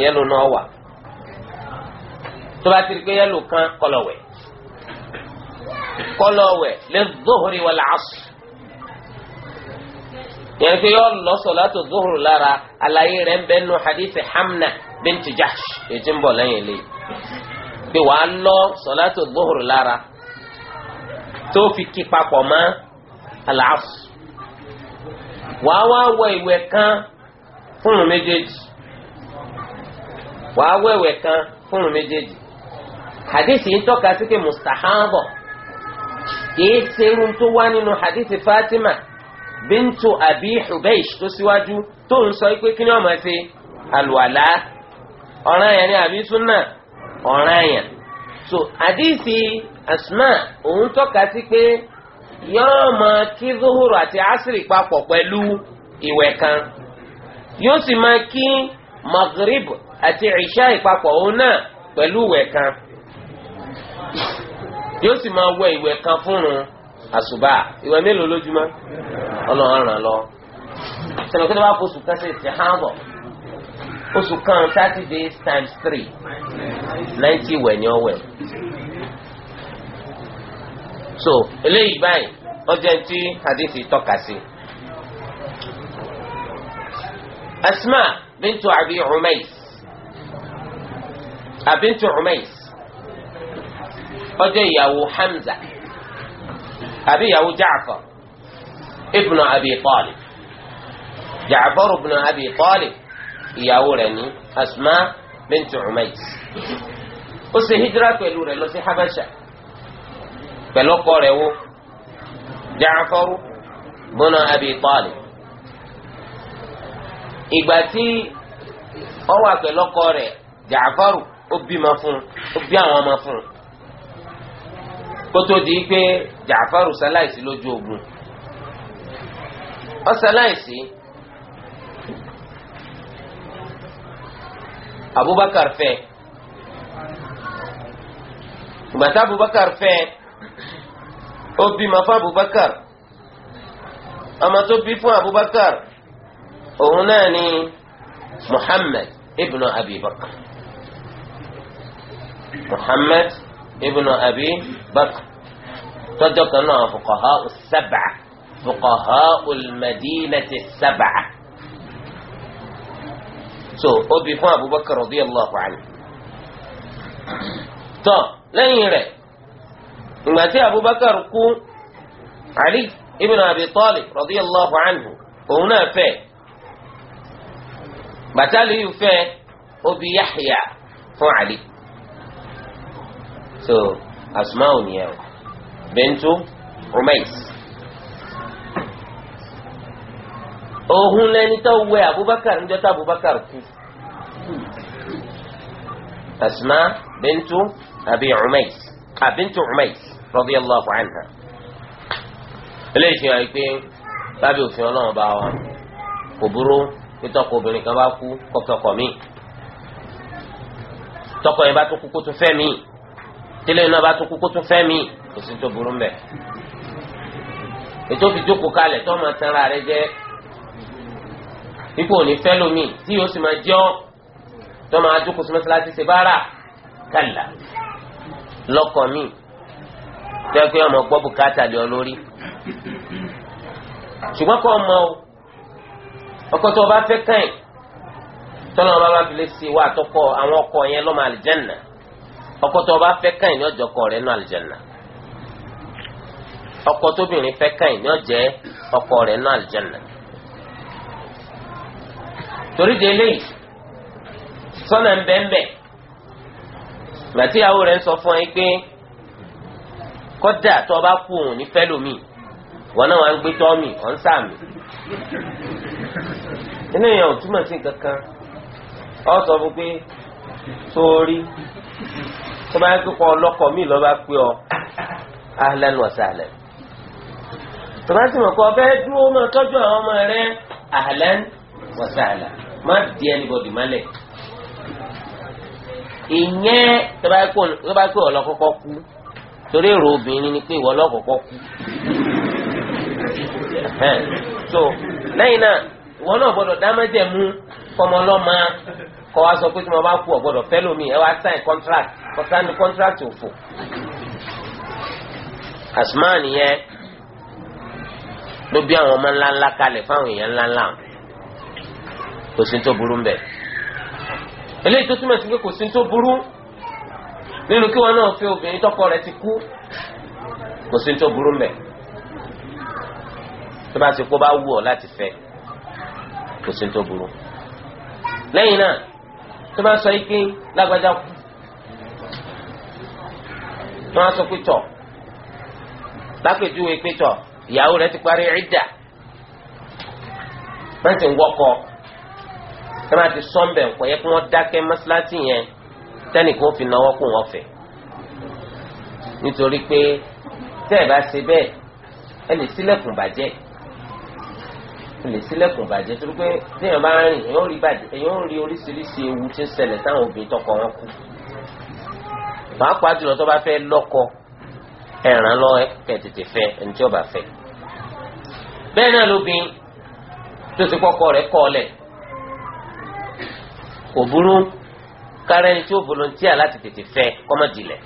kan kọlọwẹ kọlọwẹ lè dóhùrí wọlé àṣù yẹnni pé yọọ lọ sọ láti dóhùrù lára àlàyé rẹ̀ ń hamna bíntì Jahsh ètí ń bọ̀ lẹ́yìn ilé pé wàá lọ sọ̀látò gbóhùrù lára tó fi kí papọ̀ mọ́ àlàáfù wàá wá wọ ìwẹ̀ kan fún un méjèèjì wàá wọ ìwẹ̀ kan fún un méjèèjì hadisi yìí tọ́ka sí pé mustahabo kìí serun tó wá nínú hadisi Fatima bíntu Abi Hubaysh tó tó ń sọ pé kí ni wọ́n máa ṣe àlùwàlá. ọ̀ràn yẹn ni àbí súnà ọ̀ràn so adịsị asma òun tọ́ka sí pé yọ́ọ́ mọ kí asiri papọ̀ pẹ̀lú ìwẹ̀ kan yóò sì máa kí maghrib àti yóò sì máa wẹ̀ kan fún àṣùbà mélòó lọ. kí ló bá oṣù kan thirty days times three ninety wẹ̀ ni ọ wẹ̀ so eléyìí báyìí ọjọ́ tí hadith tọ́ka sí. asma bintu abi umais abintu umais ọjọ́ ìyàwó hamza àbí ìyàwó jaafar ibnu abi talib jaafar ibnu abi talib ìyàwó rẹ̀ ní Asma bintu Umais ó ṣe hijira pẹ̀lú rẹ̀ lọ sí Habasha pẹ̀lú ọkọ rẹ̀ wo Ja'faru bọ́nà Abi Talib ìgbà tí ó wà pẹ̀lú ọkọ rẹ̀ Ja'faru ó bímọ fún ó bí àwọn ọmọ fún kótó di pé Ja'faru sáláìsì lójú ogun ó sáláìsì. abubakar fẹ́ gbàtà abubakar fẹ́ ó bímọ fún abubakar ọmọ tó bí fún abubakar òun na ni muhammad ibn abi bakr muhammad ibnu abi bakr tọjọ kan náà fuqaha as-sab'a fuqaha al-madinati as-sab'a. so ó bí fún Abubakar radiyallahu anhu tọ́ lẹ́yìn rẹ̀ ìgbà tí Abubakar kú Ali ibn Abi Talib radiyallahu anhu òun náà fẹ́ bàtàlì yìí fẹ́ ó bí Yahya fún Ali so Asma'u nìyẹn bintu Umais. Ohun lẹni tó wẹ abubakar níjọ́ abubakar kú asma bintu abi umais abintu ah, umais radiyallahu anha eléyìí fi hàn pé lábẹ́ òfin ọlọ́run bá wa kò burú nítọ́kọ obìnrin kan bá kú mi tọkọ yẹn bá tún kú kó tún fẹ́ mi tẹ́lẹ̀ náà bá tún kú kó tún mi kò sí tó burú ipò òní fẹ́ lómi tí yóò sì máa jẹ́ ọ́ tó máa jókòó sí mọ́sálásí ṣe bára kàlà lọ́kọ̀ mi tó yẹ kó ọmọ gbọ́ bùkátà lé ọ lórí ṣùgbọ́n kọ́ ọmọ o ọkọ tó o bá fẹ́ kàn tọ́lá ọba bá fi lè ṣe wá àtọkọ àwọn ọkọ yẹn lọ́mọ àlìjẹ́nà ọkọ tó o bá fẹ́ kàn ní ọjọ́ kọ rẹ̀ nù àlìjẹ́nà ọkọ tóbìnrin fẹ́ kàn ní ọjẹ́ ọkọ rẹ̀ nù àlìjẹ́nà torí de eléyìí sọ́nà ń bẹ́ẹ̀ bẹ́ẹ̀ màtíyàwó rẹ̀ ń sọ fún ẹ pé kọ́dà tó o bá kú òun ní fẹ́lòmíì wọn náà wà ń gbé tọ́mì ọ̀ ń sàmì inú èèyàn ò túmọ̀ sí kankan ọ sọ fún pé sórí tó bá ń kíkọ ọlọ́kọ̀ míì lọ́ba pé ọ ahlan wa sahlan tó bá sì mọ̀ kọ́ ọ bẹ́ẹ̀ dúró mọ́ tọ́jú àwọn ọmọ rẹ ahlan wa sahlan má di anybody mọ́lẹ̀ ìyẹn tó bá pé ọlọ́kọ́kọ́ kú torí èrò obìnrin ni pé ìwọ ọlọ́kọ́kọ́ kú so lẹ́yìn náà ìwọ náà gbọ́dọ̀ dámẹ́jẹ̀ mú kọ́mọ ọlọ́mọ kọ́ wa sọ pé tí mo bá kú ọ̀gbọ́dọ̀ fẹ́ lómi ẹ wá sign contract contract contract òfò asmaa nìyẹn ló bí àwọn ọmọ ńláńlá kalẹ̀ fáwọn èèyàn ńláńlá wọn kò sí tó burú mbẹ eléyìí tó túmọ̀ sí pé kò sí tó burú nínú kí wọn náà fi obìnrin tọkọ rẹ̀ ti kú kò sí tó burú mbẹ tó bá ti kó bá wù ọ láti fẹ́ kò sí tó burú lẹ́yìn náà tó bá sọ ike lágbájá kú wọn á sọ pé tọ lápèjúwe pé tọ ìyàwó rẹ̀ ti parí ìdà wọn ti ń wọkọ tí wọ́n ti sọ́ńbẹ̀ nǹkan yẹ kí wọ́n dákẹ́ mọ́sálásí yẹn tẹ́nìkan fi náwó kó wọ́n fẹ̀ nítorí pé tẹ́ ẹ̀ bá ṣe bẹ́ẹ̀ ẹ lè ṣílẹ̀kùn bàjẹ́ ẹ lè ṣílẹ̀kùn bàjẹ́ torí pé téèyàn bá rìn èèyàn rí bàjẹ́ èèyàn rí oríṣiríṣi ewu tí ń ṣẹlẹ̀ táwọn obìnrin tọkọ wọn kú pàápàá jùlọ tó bá fẹ́ lọ́kọ ẹ̀ràn lọ kẹ̀ tètè fẹ́ ẹni tí ó bá bẹ́ẹ̀ náà lóbin tó ti kọ́kọ́ rẹ̀ kọ́ ọ kò burú kára ẹni tí ó volunteer láti tètè fẹ́ kọ́mọ̀dìlẹ̀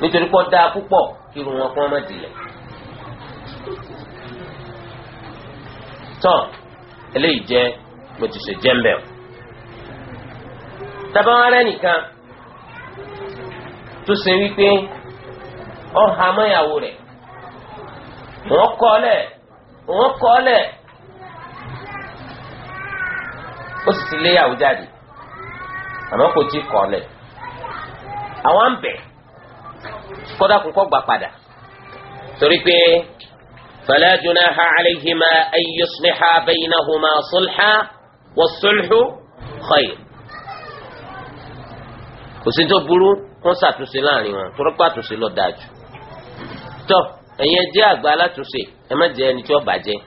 nítorí pé ó dáa púpọ̀ irun wọn kọ́mọ̀dìlẹ̀. tọ́ eléyìí jẹ́ gbòtùsọ̀ jẹ́ńbẹ̀ o tabawa rẹ nìkan tó ṣe wípé ọ̀hàmọ́yàwó rẹ̀ wọ́n kọ́ ọ lẹ̀ wọ́n kọ́ ọ lẹ̀ ó sì ti léyàwó jáde àmọ́ kò tí kọ́ lẹ̀ àwọn ń bẹ̀ kódà kún kọ́ gbà padà torí pé fala junaha alayhima an yusliha baynahuma sulha was-sulhu khayr kò sí tó burú kó ṣàtúnṣe láàrin wọn tó rọ́pò àtúnṣe lọ dáa jù tọ́ ẹ̀yin àgbà alátúnṣe ẹ má jẹ́ ẹni tí ó bàjẹ́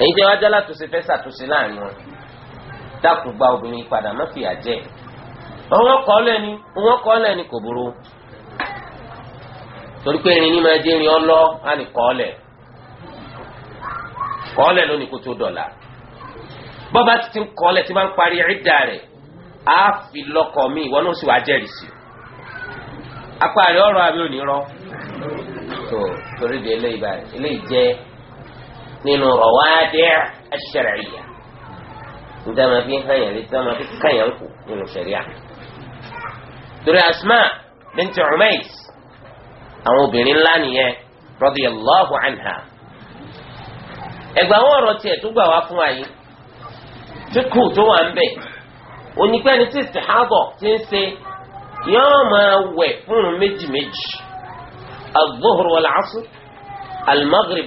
ẹ̀yin jẹ́ wájú alátúnṣe fẹ́ ṣàtúnṣe láàrin wọn. dákun gba obìnrin padà má fìyà jẹ kò burú torí pé irin ní máa ọlọ á ní kọọlẹ kọọlẹ lónìí kó tó dọ̀là bọ́ba ti ti ń ti máa ń parí ẹ̀dá rẹ̀ á fi lọ́kọ mi ìwọ náà sì wá jẹ́rìí sí ọ̀rọ̀ níta máa fi hàn yàn létí máa fi kàn yàn kù nínú sẹ̀ríà. torí asma binti umais àwọn obìnrin ńlá nìyẹn radiyallahu anha ẹgbà wọn ọ̀rọ̀ tiẹ̀ tó gbà wá fún wa yìí tí kù tó wà ń bẹ onípẹ́ni tí ìsìnkábọ̀ ti ń ṣe yọ́ọ́ máa wẹ̀ fúnrun méjì méjì al-zuhr wal-asr al-maghrib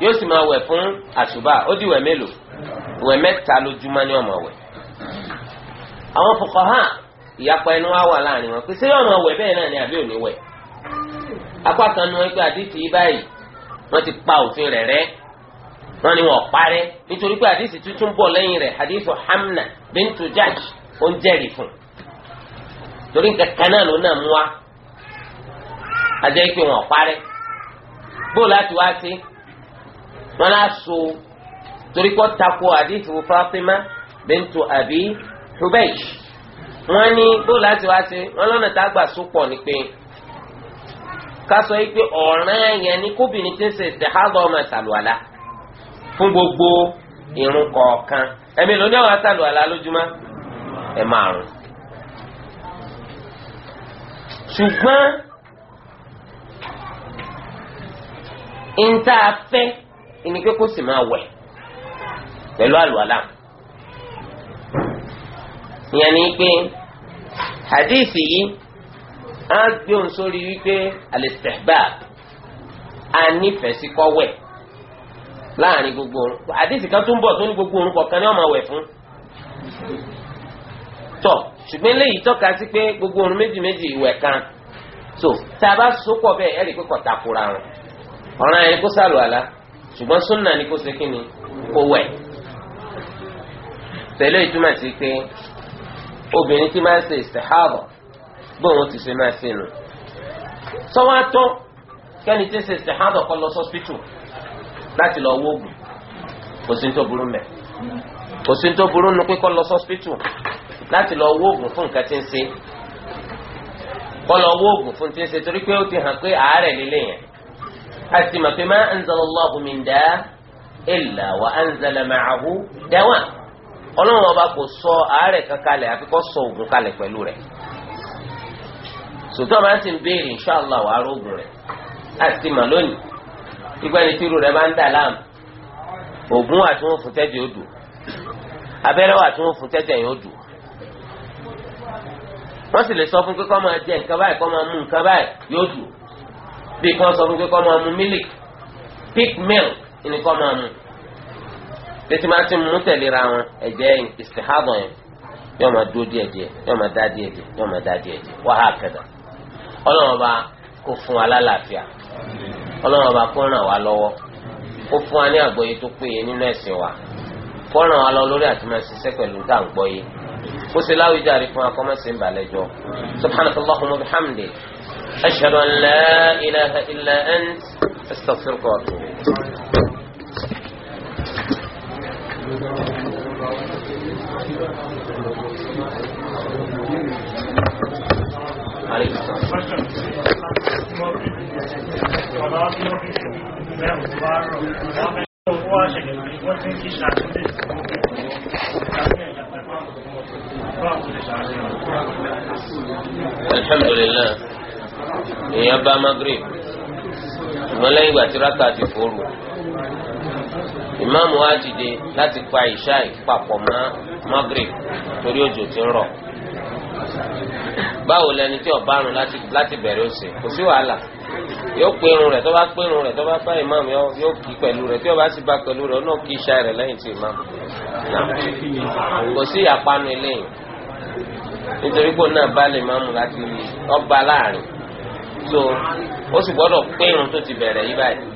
yóò sì máa wẹ̀ fún àṣùbà ó di wẹ̀ mélòó. ìwẹ̀ mẹ́ta lójúmọ́ ni ọmọ wẹ̀ àwọn fuqaha ìyapa ẹnu wa wà láàrin wọn pé ṣé ọmọ náà ni àbí òní wẹ̀ apá kan nu àdìsí yìí báyìí wọ́n ti pa òfin rẹ̀ rẹ́ wọ́n ni wọ́n parẹ́ nítorí pé àdìsí tuntun bọ̀ lẹ́yìn rẹ̀ àdìsí Hamna bintu Jaj ó ń fún torí nǹkan na náà ló náà mú wa àjẹ́ wọ́n torí kọ́ tako àdìsù Fatima bintu Abi Hubaysh wọ́n ní bó láti wá sí wọ́n lọ́nà tá a gbà sopọ̀ ni pé ká sọ yìí pé ọ̀ràn yẹn ni kóbìnrin ti ń ṣe ìsèhádọ́ ọmọ ìsàlùwàlà fún gbogbo irun kọ̀ọ̀kan ẹ̀mí ló ní àwọn àsàlùwàlà lójúmọ́ ẹ̀ márùn. ṣùgbọ́n ìta fẹ́ ìní pé kó sì máa wẹ̀ pẹ̀lú àlùwàlà ìyẹn ni pé hadithi yìí á gbé òun sórí wípé alistihbab á nífẹ̀ẹ́ sí kọ́wẹ̀ láàrin gbogbo orun hadithi kan tó ń bọ̀ tó ní gbogbo orun kọ̀ọ̀kan ni wọ́n máa wẹ̀ fún tọ̀ ṣùgbọ́n eléyìí tọ́ka sí pé gbogbo orun méjì méjì ìwẹ̀ kan so tá a bá sopọ̀ bẹ́ẹ̀ ẹ̀rí pé kò takora wọn ọ̀ràn ẹni kó sàlùwàlà ṣùgbọ́n súnà ni kó ṣe kí ni kó wẹ̀ tẹ̀lé ìtumọ̀ sí pé obìnrin tí máa ń ṣe ìsèhábọ̀ bóun ti ṣe máa ṣe nù. sọ́wọ́ tó kẹ́ni tí ń ṣe ìsèhábọ̀ kọ́ lọ sọ́sítù láti lọ wó oògùn kò sí tó burú mẹ́ kò sí tó burú nu pé kọ́ lọ sọ́sítù láti lọ wó oògùn fún nǹkan tí ń ṣe kọ́ lọ wó oògùn fún tí ń ṣe torí pé ó ti hàn pé àárẹ̀ líle yẹn a sì mọ̀ pé ma anzala Allahu min da illa wa anzala ma'ahu dawa ọlọ́run ọba kò sọ àárẹ̀ kan kalẹ̀ àfi kó sọ ògùn kalẹ̀ pẹ̀lú rẹ̀ sòtọ́ máa ti ń béèrè inṣàlá wàá rógùn rẹ̀ àti mà lónìí ìgbà yìí tìrú rẹ̀ máa ń dà láàmú ògùn wà tí wọ́n fún tẹ́jẹ̀ odò abẹ́rẹ́ wà tí wọ́n fún tẹ́jẹ̀ yẹn odò wọ́n sì lè sọ fún pé kó máa jẹ nǹkan báyìí kó máa mú nǹkan báyìí yóò dùn bí kò sọ fún pé kó máa mú mílíkì pig milk ni kó máa mú létí máa ti mú tẹ̀léra wọn ẹ̀jẹ̀ istihadọ yẹn yóò máa dúró díẹ̀ díẹ̀ yóò máa dá díẹ̀ díẹ̀ yóò máa dá díẹ̀ díẹ̀ wàhálà kẹta ọlọ́run ọba kó fún wa lálàáfíà ọlọ́run ọba kó ràn wá lọ́wọ́ kó fún wa ní àgbọ́yé tó péye nínú ẹ̀sìn wa kó ràn wá lọ lórí àti máa ṣiṣẹ́ pẹ̀lú dáǹgbọ́yé kó ń balẹ̀jọ́ subhanakallahumma wa bihamdi ashhadu an la ilaha illa ant astaghfiruka الحمد لله يا با مغرب ولا يبقى تراكاتي فورو ìmáàmù wa dìde láti pa ìṣá ìpapọ̀ mọ́ Maghrib torí òjò ti ń rọ̀ báwo lẹni tí ọ̀bárun láti bẹ̀rẹ̀ ọ̀sẹ̀ kò sí wàhálà yóò pé irun rẹ̀ tó bá pé irun rẹ̀ tó bá pa ìmáàmù yóò kí pẹ̀lú rẹ̀ tí ó bá sì bá pẹ̀lú rẹ̀ ó náà kí ìṣá rẹ̀ lẹ́yìn tí ìmáàmù kò sí ìyàpánu eléyìí nítorí pé òun náà bá lè máàmù láti ọba láàrin so ó sì gbọ́dọ̀ pé irun tó ti bẹ̀rẹ̀ yí báyìí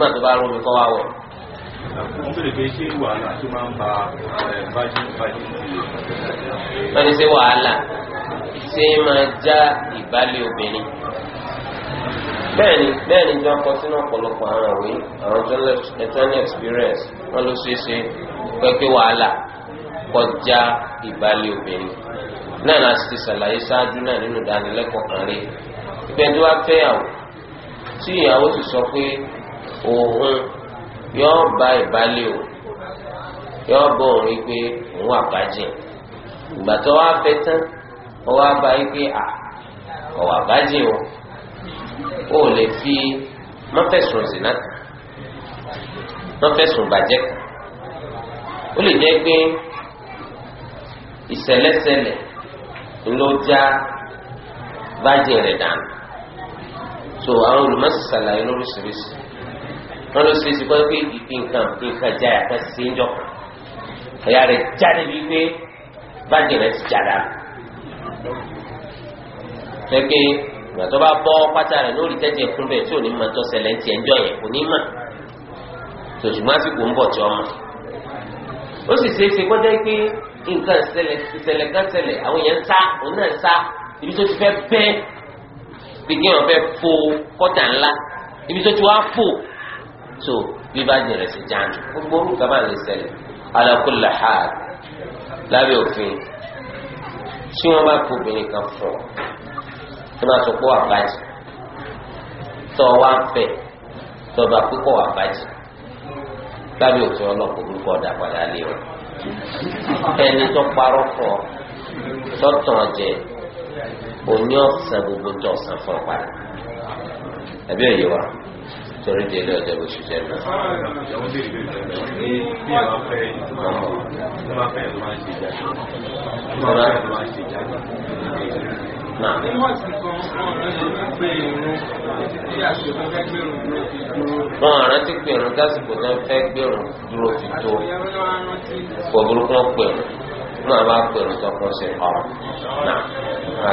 náà tó bá rún mi kọ́ wá wẹ̀. Eh, wọ́n ní ṣé wàhálà ṣé máa já ìbálẹ̀ obìnrin bẹ́ẹ̀ni bẹ́ẹ̀ni jọ kọ sínú ọ̀pọ̀lọpọ̀ àwọn òwe àwọn journey experience wọn ló ṣeé ṣe pẹpẹ wàhálà kọjá ìbálẹ̀ obìnrin náà la ti ṣàlàyé ṣáájú náà nínú ìdánilẹ́kọ̀ọ́ kan rí ìgbẹ́ni tó bá fẹ́yàwó tí ìyàwó sì sọ pé òun yóò bá ìbálẹ̀ o yóò bọ̀ òun pé òun wà ìgbà tó wá fẹ́ tán ó wá bá yí pé o ó lè fi mọ́fẹ̀sùn zìnnà mọ́fẹ̀sùn bàjẹ́ kan ó lè jẹ́ pé ìṣẹ̀lẹ̀ṣẹlẹ̀ ló já bájìn rẹ̀ dànù so àwọn olùmọ̀sí ṣàlàyé lóríṣiríṣi. wọn ló ṣe é ṣe kọ́ pé ìpín nǹkan ìpín nǹkan já yàtọ̀ sí ń jọ ẹ̀yà rẹ̀ jáde bíi pé rẹ̀ ti jáda fẹ́kẹ́ ìgbà tó bá bọ́ pátá rẹ̀ lórí tẹ́tí ẹ̀kún bẹ̀ tí ò ní mọ tó ṣẹlẹ̀ ń tiẹ̀ ń jọ yẹn kò ní mọ̀ tòṣùgbọ́n àsìkò ń bọ̀ tí ọmọ ó sì ṣe é ṣe kọ́ pé nǹkan ṣẹlẹ̀ kan ṣẹlẹ̀ àwọn èèyàn ń sá òun náà ń sá ibi tó ti fẹ́ bẹ́ẹ̀ pé kí wọ́n fẹ́ fo kọ́tà ńlá ibi tó ti wá fò so bí bá jẹrẹ sí jáàmù gbogbo orúkọ máa lè ṣẹlẹ̀ ala kulli hal lábẹ́ òfin tí wọn bá kó obìnrin kan fún ọ tó bá sọ pé wà bàjẹ́ tó wá fẹ́ tó bá pípọ̀ wà bàjẹ́ lábẹ́ òfin ọlọ́pàá orúkọ ọdà padà lé ọ ẹni tó parọ́ fún ọ tó tàn jẹ òní ọ̀sán gbogbo tó ọ̀sán fún ọ padà ẹbí ẹ̀yẹ wa torí di ilé ọjọ́ bó ṣe jẹ́ náà. ìyàwó lè gbé ìgbà ní bí ẹ máa fẹ́ Wọ́n rántí pèrún lásìkò tó ń fẹ́ gbèrún dúró fi tó. Kò burúkú ń pèrún. Wọ́n máa bá pèrún tó kọ́ sí ọ̀rọ̀. Náà,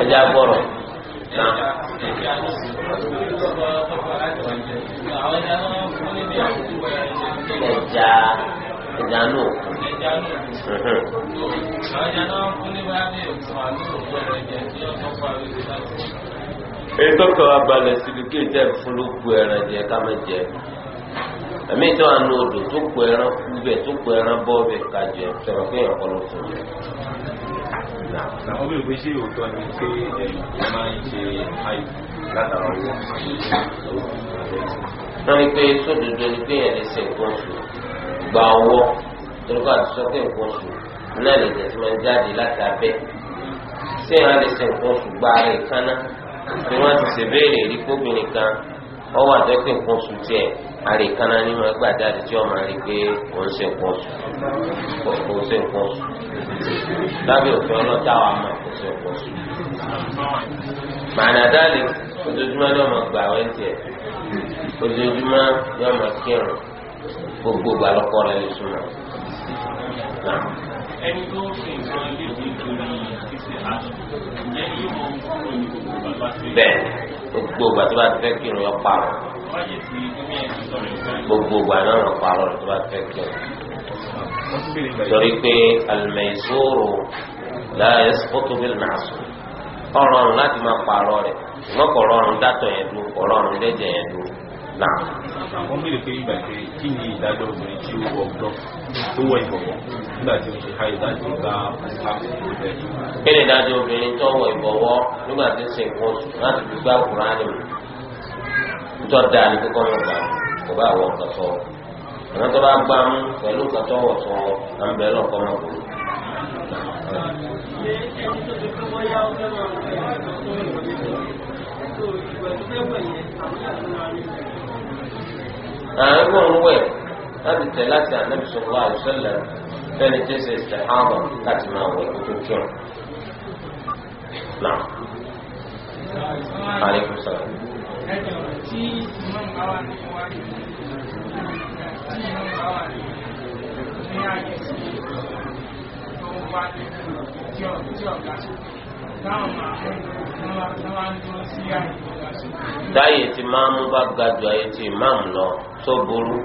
Ẹ jẹ́ agbọ́rọ̀. ẹja ètò kan abalẹ̀ síbi kí ìjẹ́ fún ló ku ẹran jẹ ká má jẹ ẹ̀mí tó wà nù odò tó ku ẹran kú bẹ̀ tó ku ẹran bọ́ bẹ̀ kọ́ ló fún àwọn bí òpin ṣe òótọ́ ni pé ẹ máa ń ṣe ayò látara owó wọ́n ní pé sódodo ni pé ẹ̀rẹ́ ṣe nǹkan oṣù gba ọwọ́ torí kó àti sọ pé nǹkan oṣù náà lè tẹ̀sí máa ń jáde ọ wà tó nǹkan oṣù tiẹ̀ àrè kaná ní wọn gbà jáde tí ọmọ rí pé òun ṣe nǹkan oṣù òun ṣe nǹkan oṣù lábẹ́ òfin ọlọ́tà wà mọ̀ kò ṣe nǹkan oṣù. màánà dálé ojoojúmọ́ ni ọmọ gbà wẹ́ tiẹ̀ ojoojúmọ́ ni ọmọ kírun gbogbo gbà rẹ̀ lè súnmọ́. ẹni tó ń nǹkan ilé ìwé torí àti yóò òyìnbó bàbá sí gbogbo ìgbà tó bá fẹ́ kírun yọ parọ́ gbogbo ìgbà náà yọ parọ́ tó bá fẹ́ kírun torí pé alimẹ̀sọ́rọ̀ láyé sọ́tò bí nàásù ọ̀rọ̀ ọ̀run láti máa parọ́ rẹ̀ ìmọ̀kọ̀ ọ̀rọ̀ ọ̀run dátọ̀ yẹn dúró ọ̀rọ̀ ọ̀run lẹ́jẹ̀ yẹn dúró náà wọ́n béèrè pé ìgbà pé kí ni ìdájọ́ obìnrin tí ó wọ ọ̀dọ́ tó wọ ìbọ̀wọ̀ nígbà tí ó ṣe ká ìdájọ́ bá a kúrò bẹ́ẹ̀. kí ni ìdájọ́ obìnrin tó wọ ìbọ̀wọ̀ nígbà tí ó ṣe nǹkan oṣù láti fi gbá kúránì mu tó dáa ní kókó náà gbà kó bá wọ ọkọ̀ sọ àmọ́ tó bá gbà mú pẹ̀lú nǹkan tó wọ̀ sọ àmì Thank you àánú ń wẹ̀ láti tẹ̀ láti ànábì sallallahu alaihi wasallam fẹ́ni tí ó ṣe ìṣẹ̀hámọ̀ láti máa wẹ̀ tó kí ọ̀. Náà, àlékún sọ̀rọ̀. Tí ìmọ̀ táyé tí máàmù bá ga ju ayé tí ìmáàmù lọ tó burú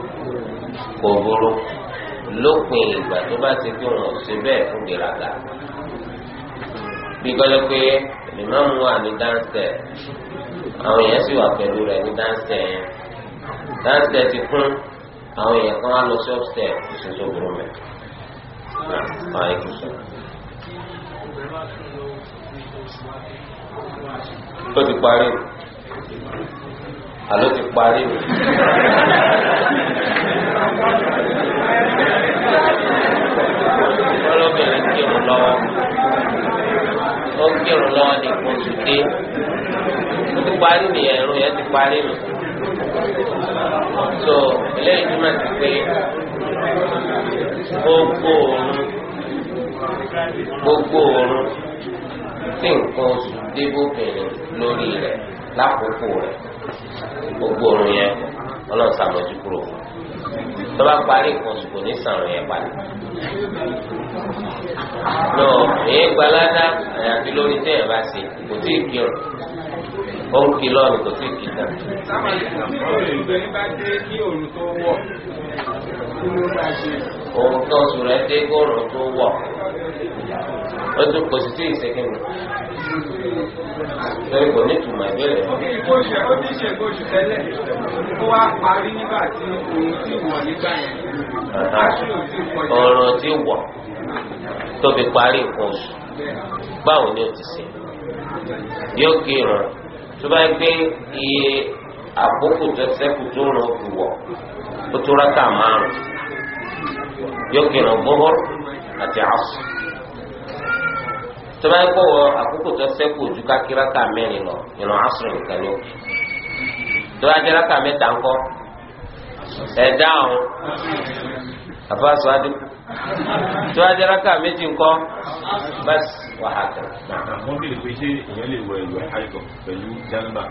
kò burú lópin ìgbà tó bá ti pé wọn ò ṣe bẹ́ẹ̀ fún gbèrágà bí gbọ́dọ̀ pé ìmáàmù wà ní dáńsẹ̀ àwọn èèyàn sì wà pẹ̀lú rẹ̀ ní dáńsẹ̀ yẹn dáńsẹ̀ ti kún àwọn èèyàn kan á lọ sí ọ̀sẹ̀ ìṣòṣò burú mẹ́ ó ti parí àló ti parí ọlọ́bìnrin kírun lọ́wọ́ ó kírun lọ́wọ́ ní oṣù dé ó ti parí nìyẹn irun yẹn ti parí nù so eléyìí túmọ̀ sí pé gbogbo òórùn gbogbo òórùn. tí nǹkan oṣù débòbìnrin lórí rẹ̀ lákòókò rẹ̀ gbogbo oorun yẹn ọlọ́run sàmójú kúrò tó bá parí nǹkan oṣù kò ní sàrùn yẹn parí. lọ èyí gbalada àyàfi lórí tẹ́yẹ̀ bá ṣe kò tí ì kírun. ó ń kí lọ́ọ̀nù kò tí ì kí tán. táwọn ìgbẹ́ni bá dé kí òòrùn tó wọ̀ kí ló máa ṣe. òun tó oṣù rẹ̀ dé kó tó wọ̀ ó tún kò sì tí ì ṣe kò ní ìtumọ̀ ìbéèrè. ìkóṣe ó ti ṣe ìkóṣe tẹ́lẹ̀ kó wá parí nígbà tí òun ti wọ̀ nígbà yẹn. ọ̀rọ̀ ti wọ̀ tó fi parí nǹkan oṣù báwo ni o ti ṣe yóò kí ìrọ̀rùn. tó bá yẹ pé iye àkókò tó ṣẹ́kù tó ràn kù wọ̀ ó tó rákà márùn yóò kìrọ̀ àti àṣù tó bá yẹ pé wọ àkókò tó ṣẹ́kù ojú kákíráka mẹ́rin lọ ìrun àṣù nìkan ni ó tó bá jẹ́ rákà mẹ́ta ńkọ́ ẹ̀ dáhùn àfọwọ́sọ adé tó bá jẹ́ rákà wàhálà náà wọ́n bí lè pe ṣé lè wẹ̀ ìwẹ̀ àìkọ̀ pẹ̀lú jánàbà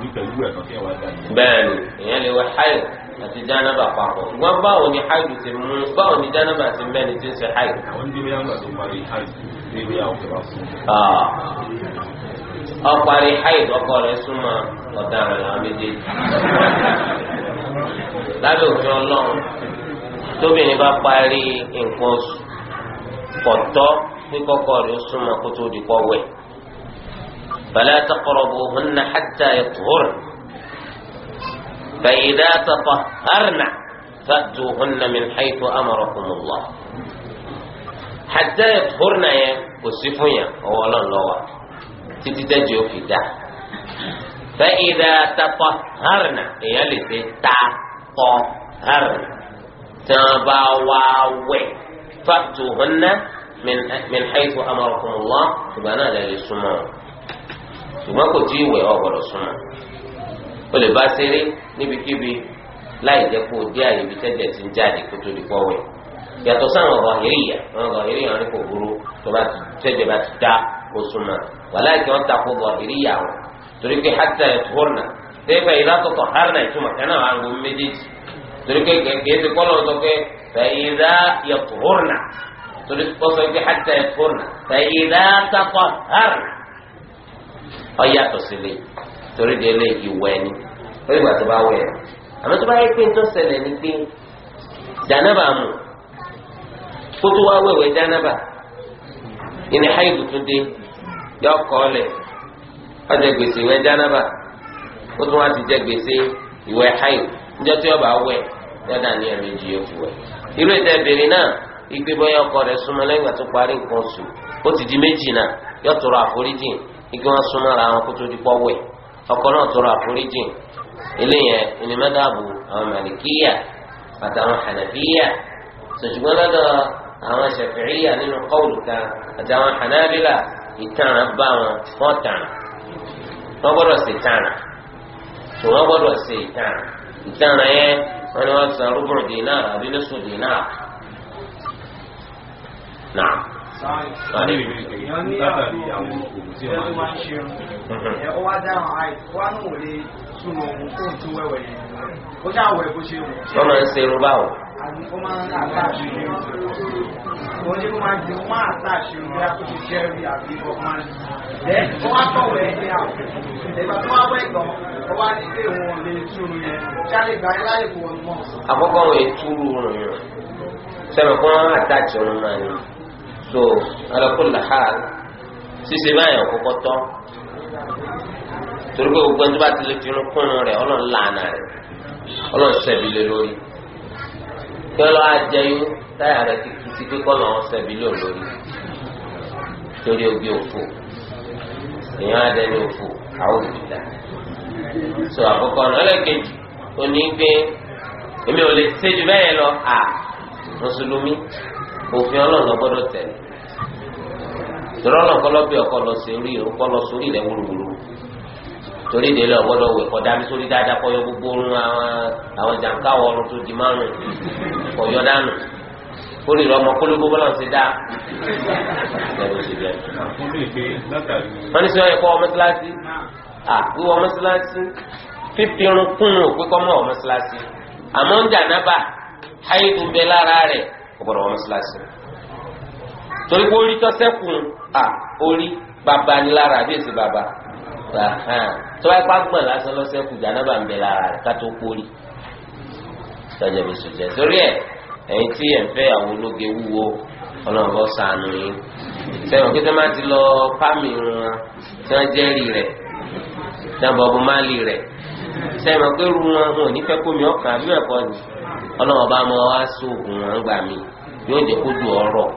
ní pẹ̀lú ẹ̀kan kí wọ́n dà nìyẹn. bẹ́ẹ̀ni lè wẹ̀ àìl àti jánàbà papọ̀ ṣùgbọ́n báwo ni àìl ti mú báwo ni jánàbà ti mẹ́ni ti ṣe àìl. àwọn ní bíbélì àwọn parí àìl ní ìwé àwọn ìwà fún. ọparí ah, rẹ làwọn méjèèjì lábẹ́ kíkọ́kọ́ rẹ̀ ó súnmọ́ kó tó di kọ́ wẹ̀. فلا تقربوهن حتى يطهرن فإذا تطهرن فأتوهن من حيث أمركم الله حتى يطهرن yẹn kò sí fún yẹn ọwọ́ ọlọ́run lọ́wọ́ títí tẹ́jú ó fi dá فإذا تطهرن èèyàn lè ṣe تطهرن tí wọ́n bá wá wẹ̀ فأتوهن. min haythu amarakumullah ìgbà náà lè lè súnmọ́ o ṣùgbọ́n kò tí ì wẹ̀ ọ́ gbọ́dọ̀ súnmọ́ o lè bá ṣeré níbikíbi láì jẹ́ kó o dé àyè ibi tẹ́jẹ̀ ti ń jáde kó tó di pọ́ wẹ̀ yàtọ̀ sáwọn ọ̀rọ̀ ìrìyà àwọn ọ̀rọ̀ ìrìyà wọn kò burú tó bá tẹ́jẹ̀ bá ti dá o súnmọ́ wàláìkì wọn takò ọ̀rọ̀ ìrìyà wọn torí pé hàtà ẹ̀ tóórnà tẹ́fẹ̀ hàrnà ìtumọ̀ kẹ́nà àwọn méjèèjì torí pé kẹ́kẹ́ ti kọ́ lọ́wọ́ pé fẹ̀ ìdá yẹ torí kọ́sọ́ ibi hajj ẹ̀fọ́nà fẹ̀yìdá takọ hàr ọ̀yàtọ̀ sílẹ̀ torí délé ìwẹ̀ ni lórí ìgbà tó bá wẹ̀ ẹ́ àmọ́ tó bá yẹ pé ń ni pé jànábà mu kó tó wá wẹ̀wẹ̀ jànábà ìní haidu tún dé yọ kọ́ lẹ̀ ọjọ́ gbèsè ìwẹ̀ jànábà ó tún ti jẹ gbèsè ìwẹ̀ haidu níjọ́ tí yọba wẹ̀ yọ̀dà ní ẹ̀mí jù igbe bóyá ọkọ rẹ̀ súnmọ́ lẹ́yìn àti parí nǹkan oṣù ó ti di méjì náà yọ tọrọ àforíjì igi wọn súnmọ́ ara wọn kó tó di pọwẹ ọkọ náà tọrọ àforíjì eléyẹn onímọdàbò àwọn màlìkíyà àtàwọn hànàfíyà sọjúgbọn lọ́dọ̀ àwọn ṣàfíìyà nínú kọwùlù kan hànàbílà ìtàn bá wọn tàn gbọ́dọ̀ tàn gbọ́dọ̀ ìtàn yẹn ni sọ àbí lóṣù náà. wọ́n máa ń ṣe irun báwo. àbí wọ́n ètúrú rùn yàn sẹ́mi kó wọ́n òun náà ni. so alákòlá ha ṣíṣe báyọ̀ kọ́kọ́ tọ́ torí pé gbogbo bá ti lè kún rẹ̀ ọlọ́run làánà rẹ̀ ọlọ́run ṣẹ̀bi lé lórí kí ọlọ́run táyà rẹ̀ ti tu pé lé lórí torí obi òfò èèyàn á dẹni òfò àwọn òbílà so àkọ́kọ́ òní gbé èmi ìdúró náà kọ́ lọ́bì ọkọ lọ sí orí ìrún kọ́ lọ sórí rẹ̀ wúruwúru torí ìdílé ọgbọ́dọ̀ wẹ̀ kọ́ dábí sórí dáadáa kọ́ yọ gbogbo orun àwọn àwọn jàǹká ọrùn tó di márùn kọ́ yọ dànù kórè rẹ ọmọ kólógbó bọ́lá ti dá wọ́n ní sọ yẹ kọ́ ọmọ síláṣí àgbéwọ́ ọmọ síláṣí fífi irun kún un òpé kọ́ mọ́ ọmọ síláṣí àmọ́ ń jà nábà háyé tó bẹ lára rẹ̀ ọgbọ́dọ̀ ọmọ síláṣí torí pé rí tọ́sẹ́kùn à orí bàbá ni lára àbí èsì bàbá tó bá ipá gbọ̀n lásán lọ́sẹ̀ kù jànábà ń bẹ lára rẹ̀ ká tó kórì sọjà bí sọjà torí ẹ ẹ̀yin tí ẹ ń fẹ́ àwọn ológe wúwo Ọlọ́run bọ sànù yín sẹwọn kí sẹwọn ti lọ pàmì wọn tí wọn jẹrì rẹ̀ tí wọn bọbọ máàlì rẹ̀ sẹwọn pé ru wọn wọn ò ní fẹ́ kómi ọkàn àbí ẹ̀kọ́ ni Ọlọ́run bá mọ wá sóògùn wọn gbà mí yóò jẹ kó du ọ̀rọ̀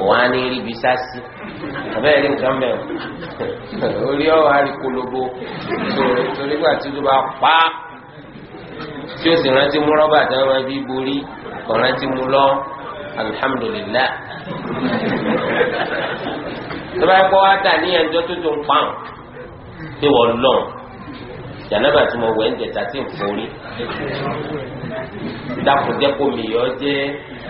òun á ní rí ibi sásì àbẹ́rẹ́ rí nǹkan mẹ́rin orí ọ̀rọ̀ á rí kolobo torí gbà tí tó bá pa á tí ó sì rántí mú rọ́bà tí wọ́n máa bí borí kò rántí mú lọ alihamudulilayi tó bá kọ́ wá tà ní ẹjọ́ tó tó ń pa ọ́n pé wọ́n lọ́n jànàbà tí mo wẹ̀ ń jẹ̀ta tí ń forí dákùn jẹ́ mi yọ jẹ́.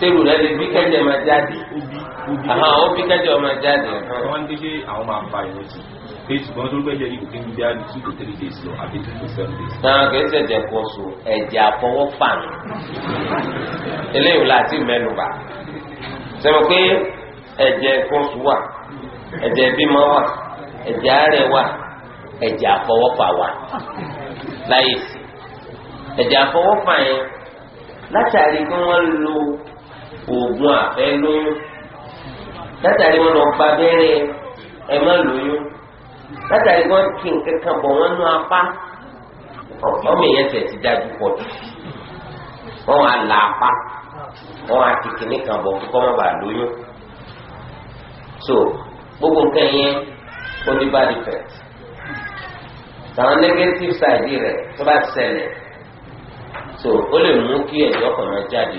sẹ́rù rẹ̀ lè bí kẹ́jẹ̀ máa jáde. àwọn àwọn bí kẹ́jẹ̀ máa jáde. wọ́n ń dédé àwọn máa fa ìwé sí i ṣùgbọ́n tó gbẹ́jẹ̀ yìí kò kí n bí i two to three days lọ àbí two to seven days. náà kì í ṣẹ̀jẹ̀ kó so ẹ̀jẹ̀ àfọwọ́fà ni eléyìí láti mẹ́nuba sọ pé ẹ̀jẹ̀ kó so wà ẹ̀jẹ̀ bímọ wà ẹ̀jẹ̀ àárẹ̀ wà ẹ̀jẹ̀ àfọwọ́fà wà láyé sí ẹ̀jẹ̀ àfọwọ́fà yẹn látàrí pé wọ́n lo oògùn àfẹ́ lóyún látàrí wọn lọ gba abẹ́rẹ́ ẹ má lóyún látàrí wọn kí nǹkan kan bọ̀ wọn nú apá ọmọ èèyàn tẹ̀ ti dájú pọ̀ jù wọn wà là apá wọn wà so gbogbo nǹkan yẹn ó ní bad effect àwọn negative side rẹ̀ tó bá ṣẹlẹ̀ so ó lè mú kí ẹ̀jọ̀ kan máa jáde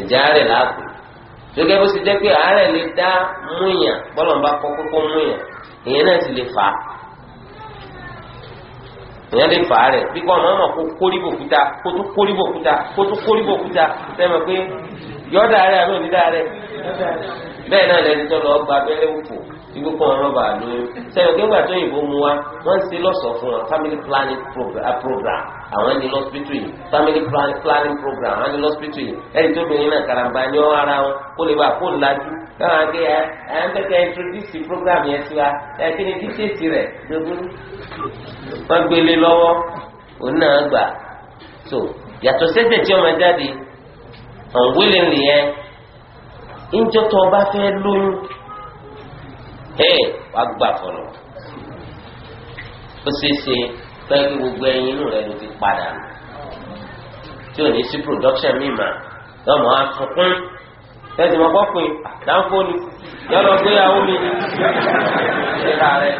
ẹ̀jẹ̀ àárẹ̀ làákù gẹ́gẹ́ bó ti jẹ́ pé àárẹ̀ lè dá múyàn bọ́lọ̀ ń bá kọ́ kókó múyàn ìyẹn náà sì lè fà á èèyàn lè fà á rẹ̀ bí kò ọmọ kó kórìbò kúta kó tó kórìbò kúta kó tó kórìbò kúta sẹ́mi pé yọ̀ọ́dà rẹ̀ àbí òdìdá rẹ̀ bẹ́ẹ̀ náà lẹni tó lọ gba abẹ́rẹ́ òfò ibi kan rọ́bà lóyún sẹ́mi pé gbàtọ́ òyìnbó mu wa wọ́n ń ṣe lọ́sọ̀ọ́ fún wọn family planning program àwọn ní lọ́sibítù yìí family planning program àwọn ní lọ́sibítù yìí ẹni tó bìnrin náà karamba ní ọ ara wọn kó lè bá kó lajú káwọn àgbẹ̀ ẹ ẹ ń tẹ́tẹ́ introduce program yẹn sí wa ẹ kí ni díṣèṣì rẹ̀ dogun wọ́n gbélé lọ́wọ́ òun náà gbà so yàtọ̀ sẹ́sẹ̀ tí ọmọ jáde unwillingly yẹn ńjọ́ tó ọba fẹ́ lóyún ẹ wàá gbà fọlọ́ ó ṣeé ṣe bẹ́ẹ̀ kí gbogbo ẹyin inú rẹ ló ti padà tí ò ní sí production mi mà lọ́mọ àtúnkún tẹ́sí mọ́ kọ́pin dáńfó ni yọ̀rọ̀ gbéyàwó mi ni ìlera rẹ̀.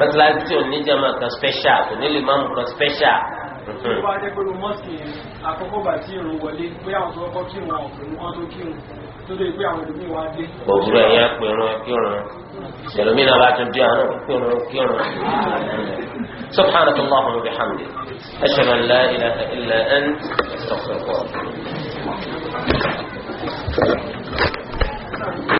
mẹtìláṣí tí ò ní jẹ́ máa kan special kò ní lè máa mú kan special tó bá jẹ́ pé mọ́sìkì àkọ́kọ́ bá tí ìrùn wọlé pé àwọn tó kọ́ kí wọn ọ̀pẹ̀ wọn tó kírun tó lè pé àwọn ìlú wa dé. òwúrọ̀ ẹ̀yà pẹ̀rùn kírun ẹlòmíín náà bá tún dé àná pẹ̀rùn kírun. سبحانك اللهم وبحمدك أشهد أن لا إله إلا أنت أستغفرك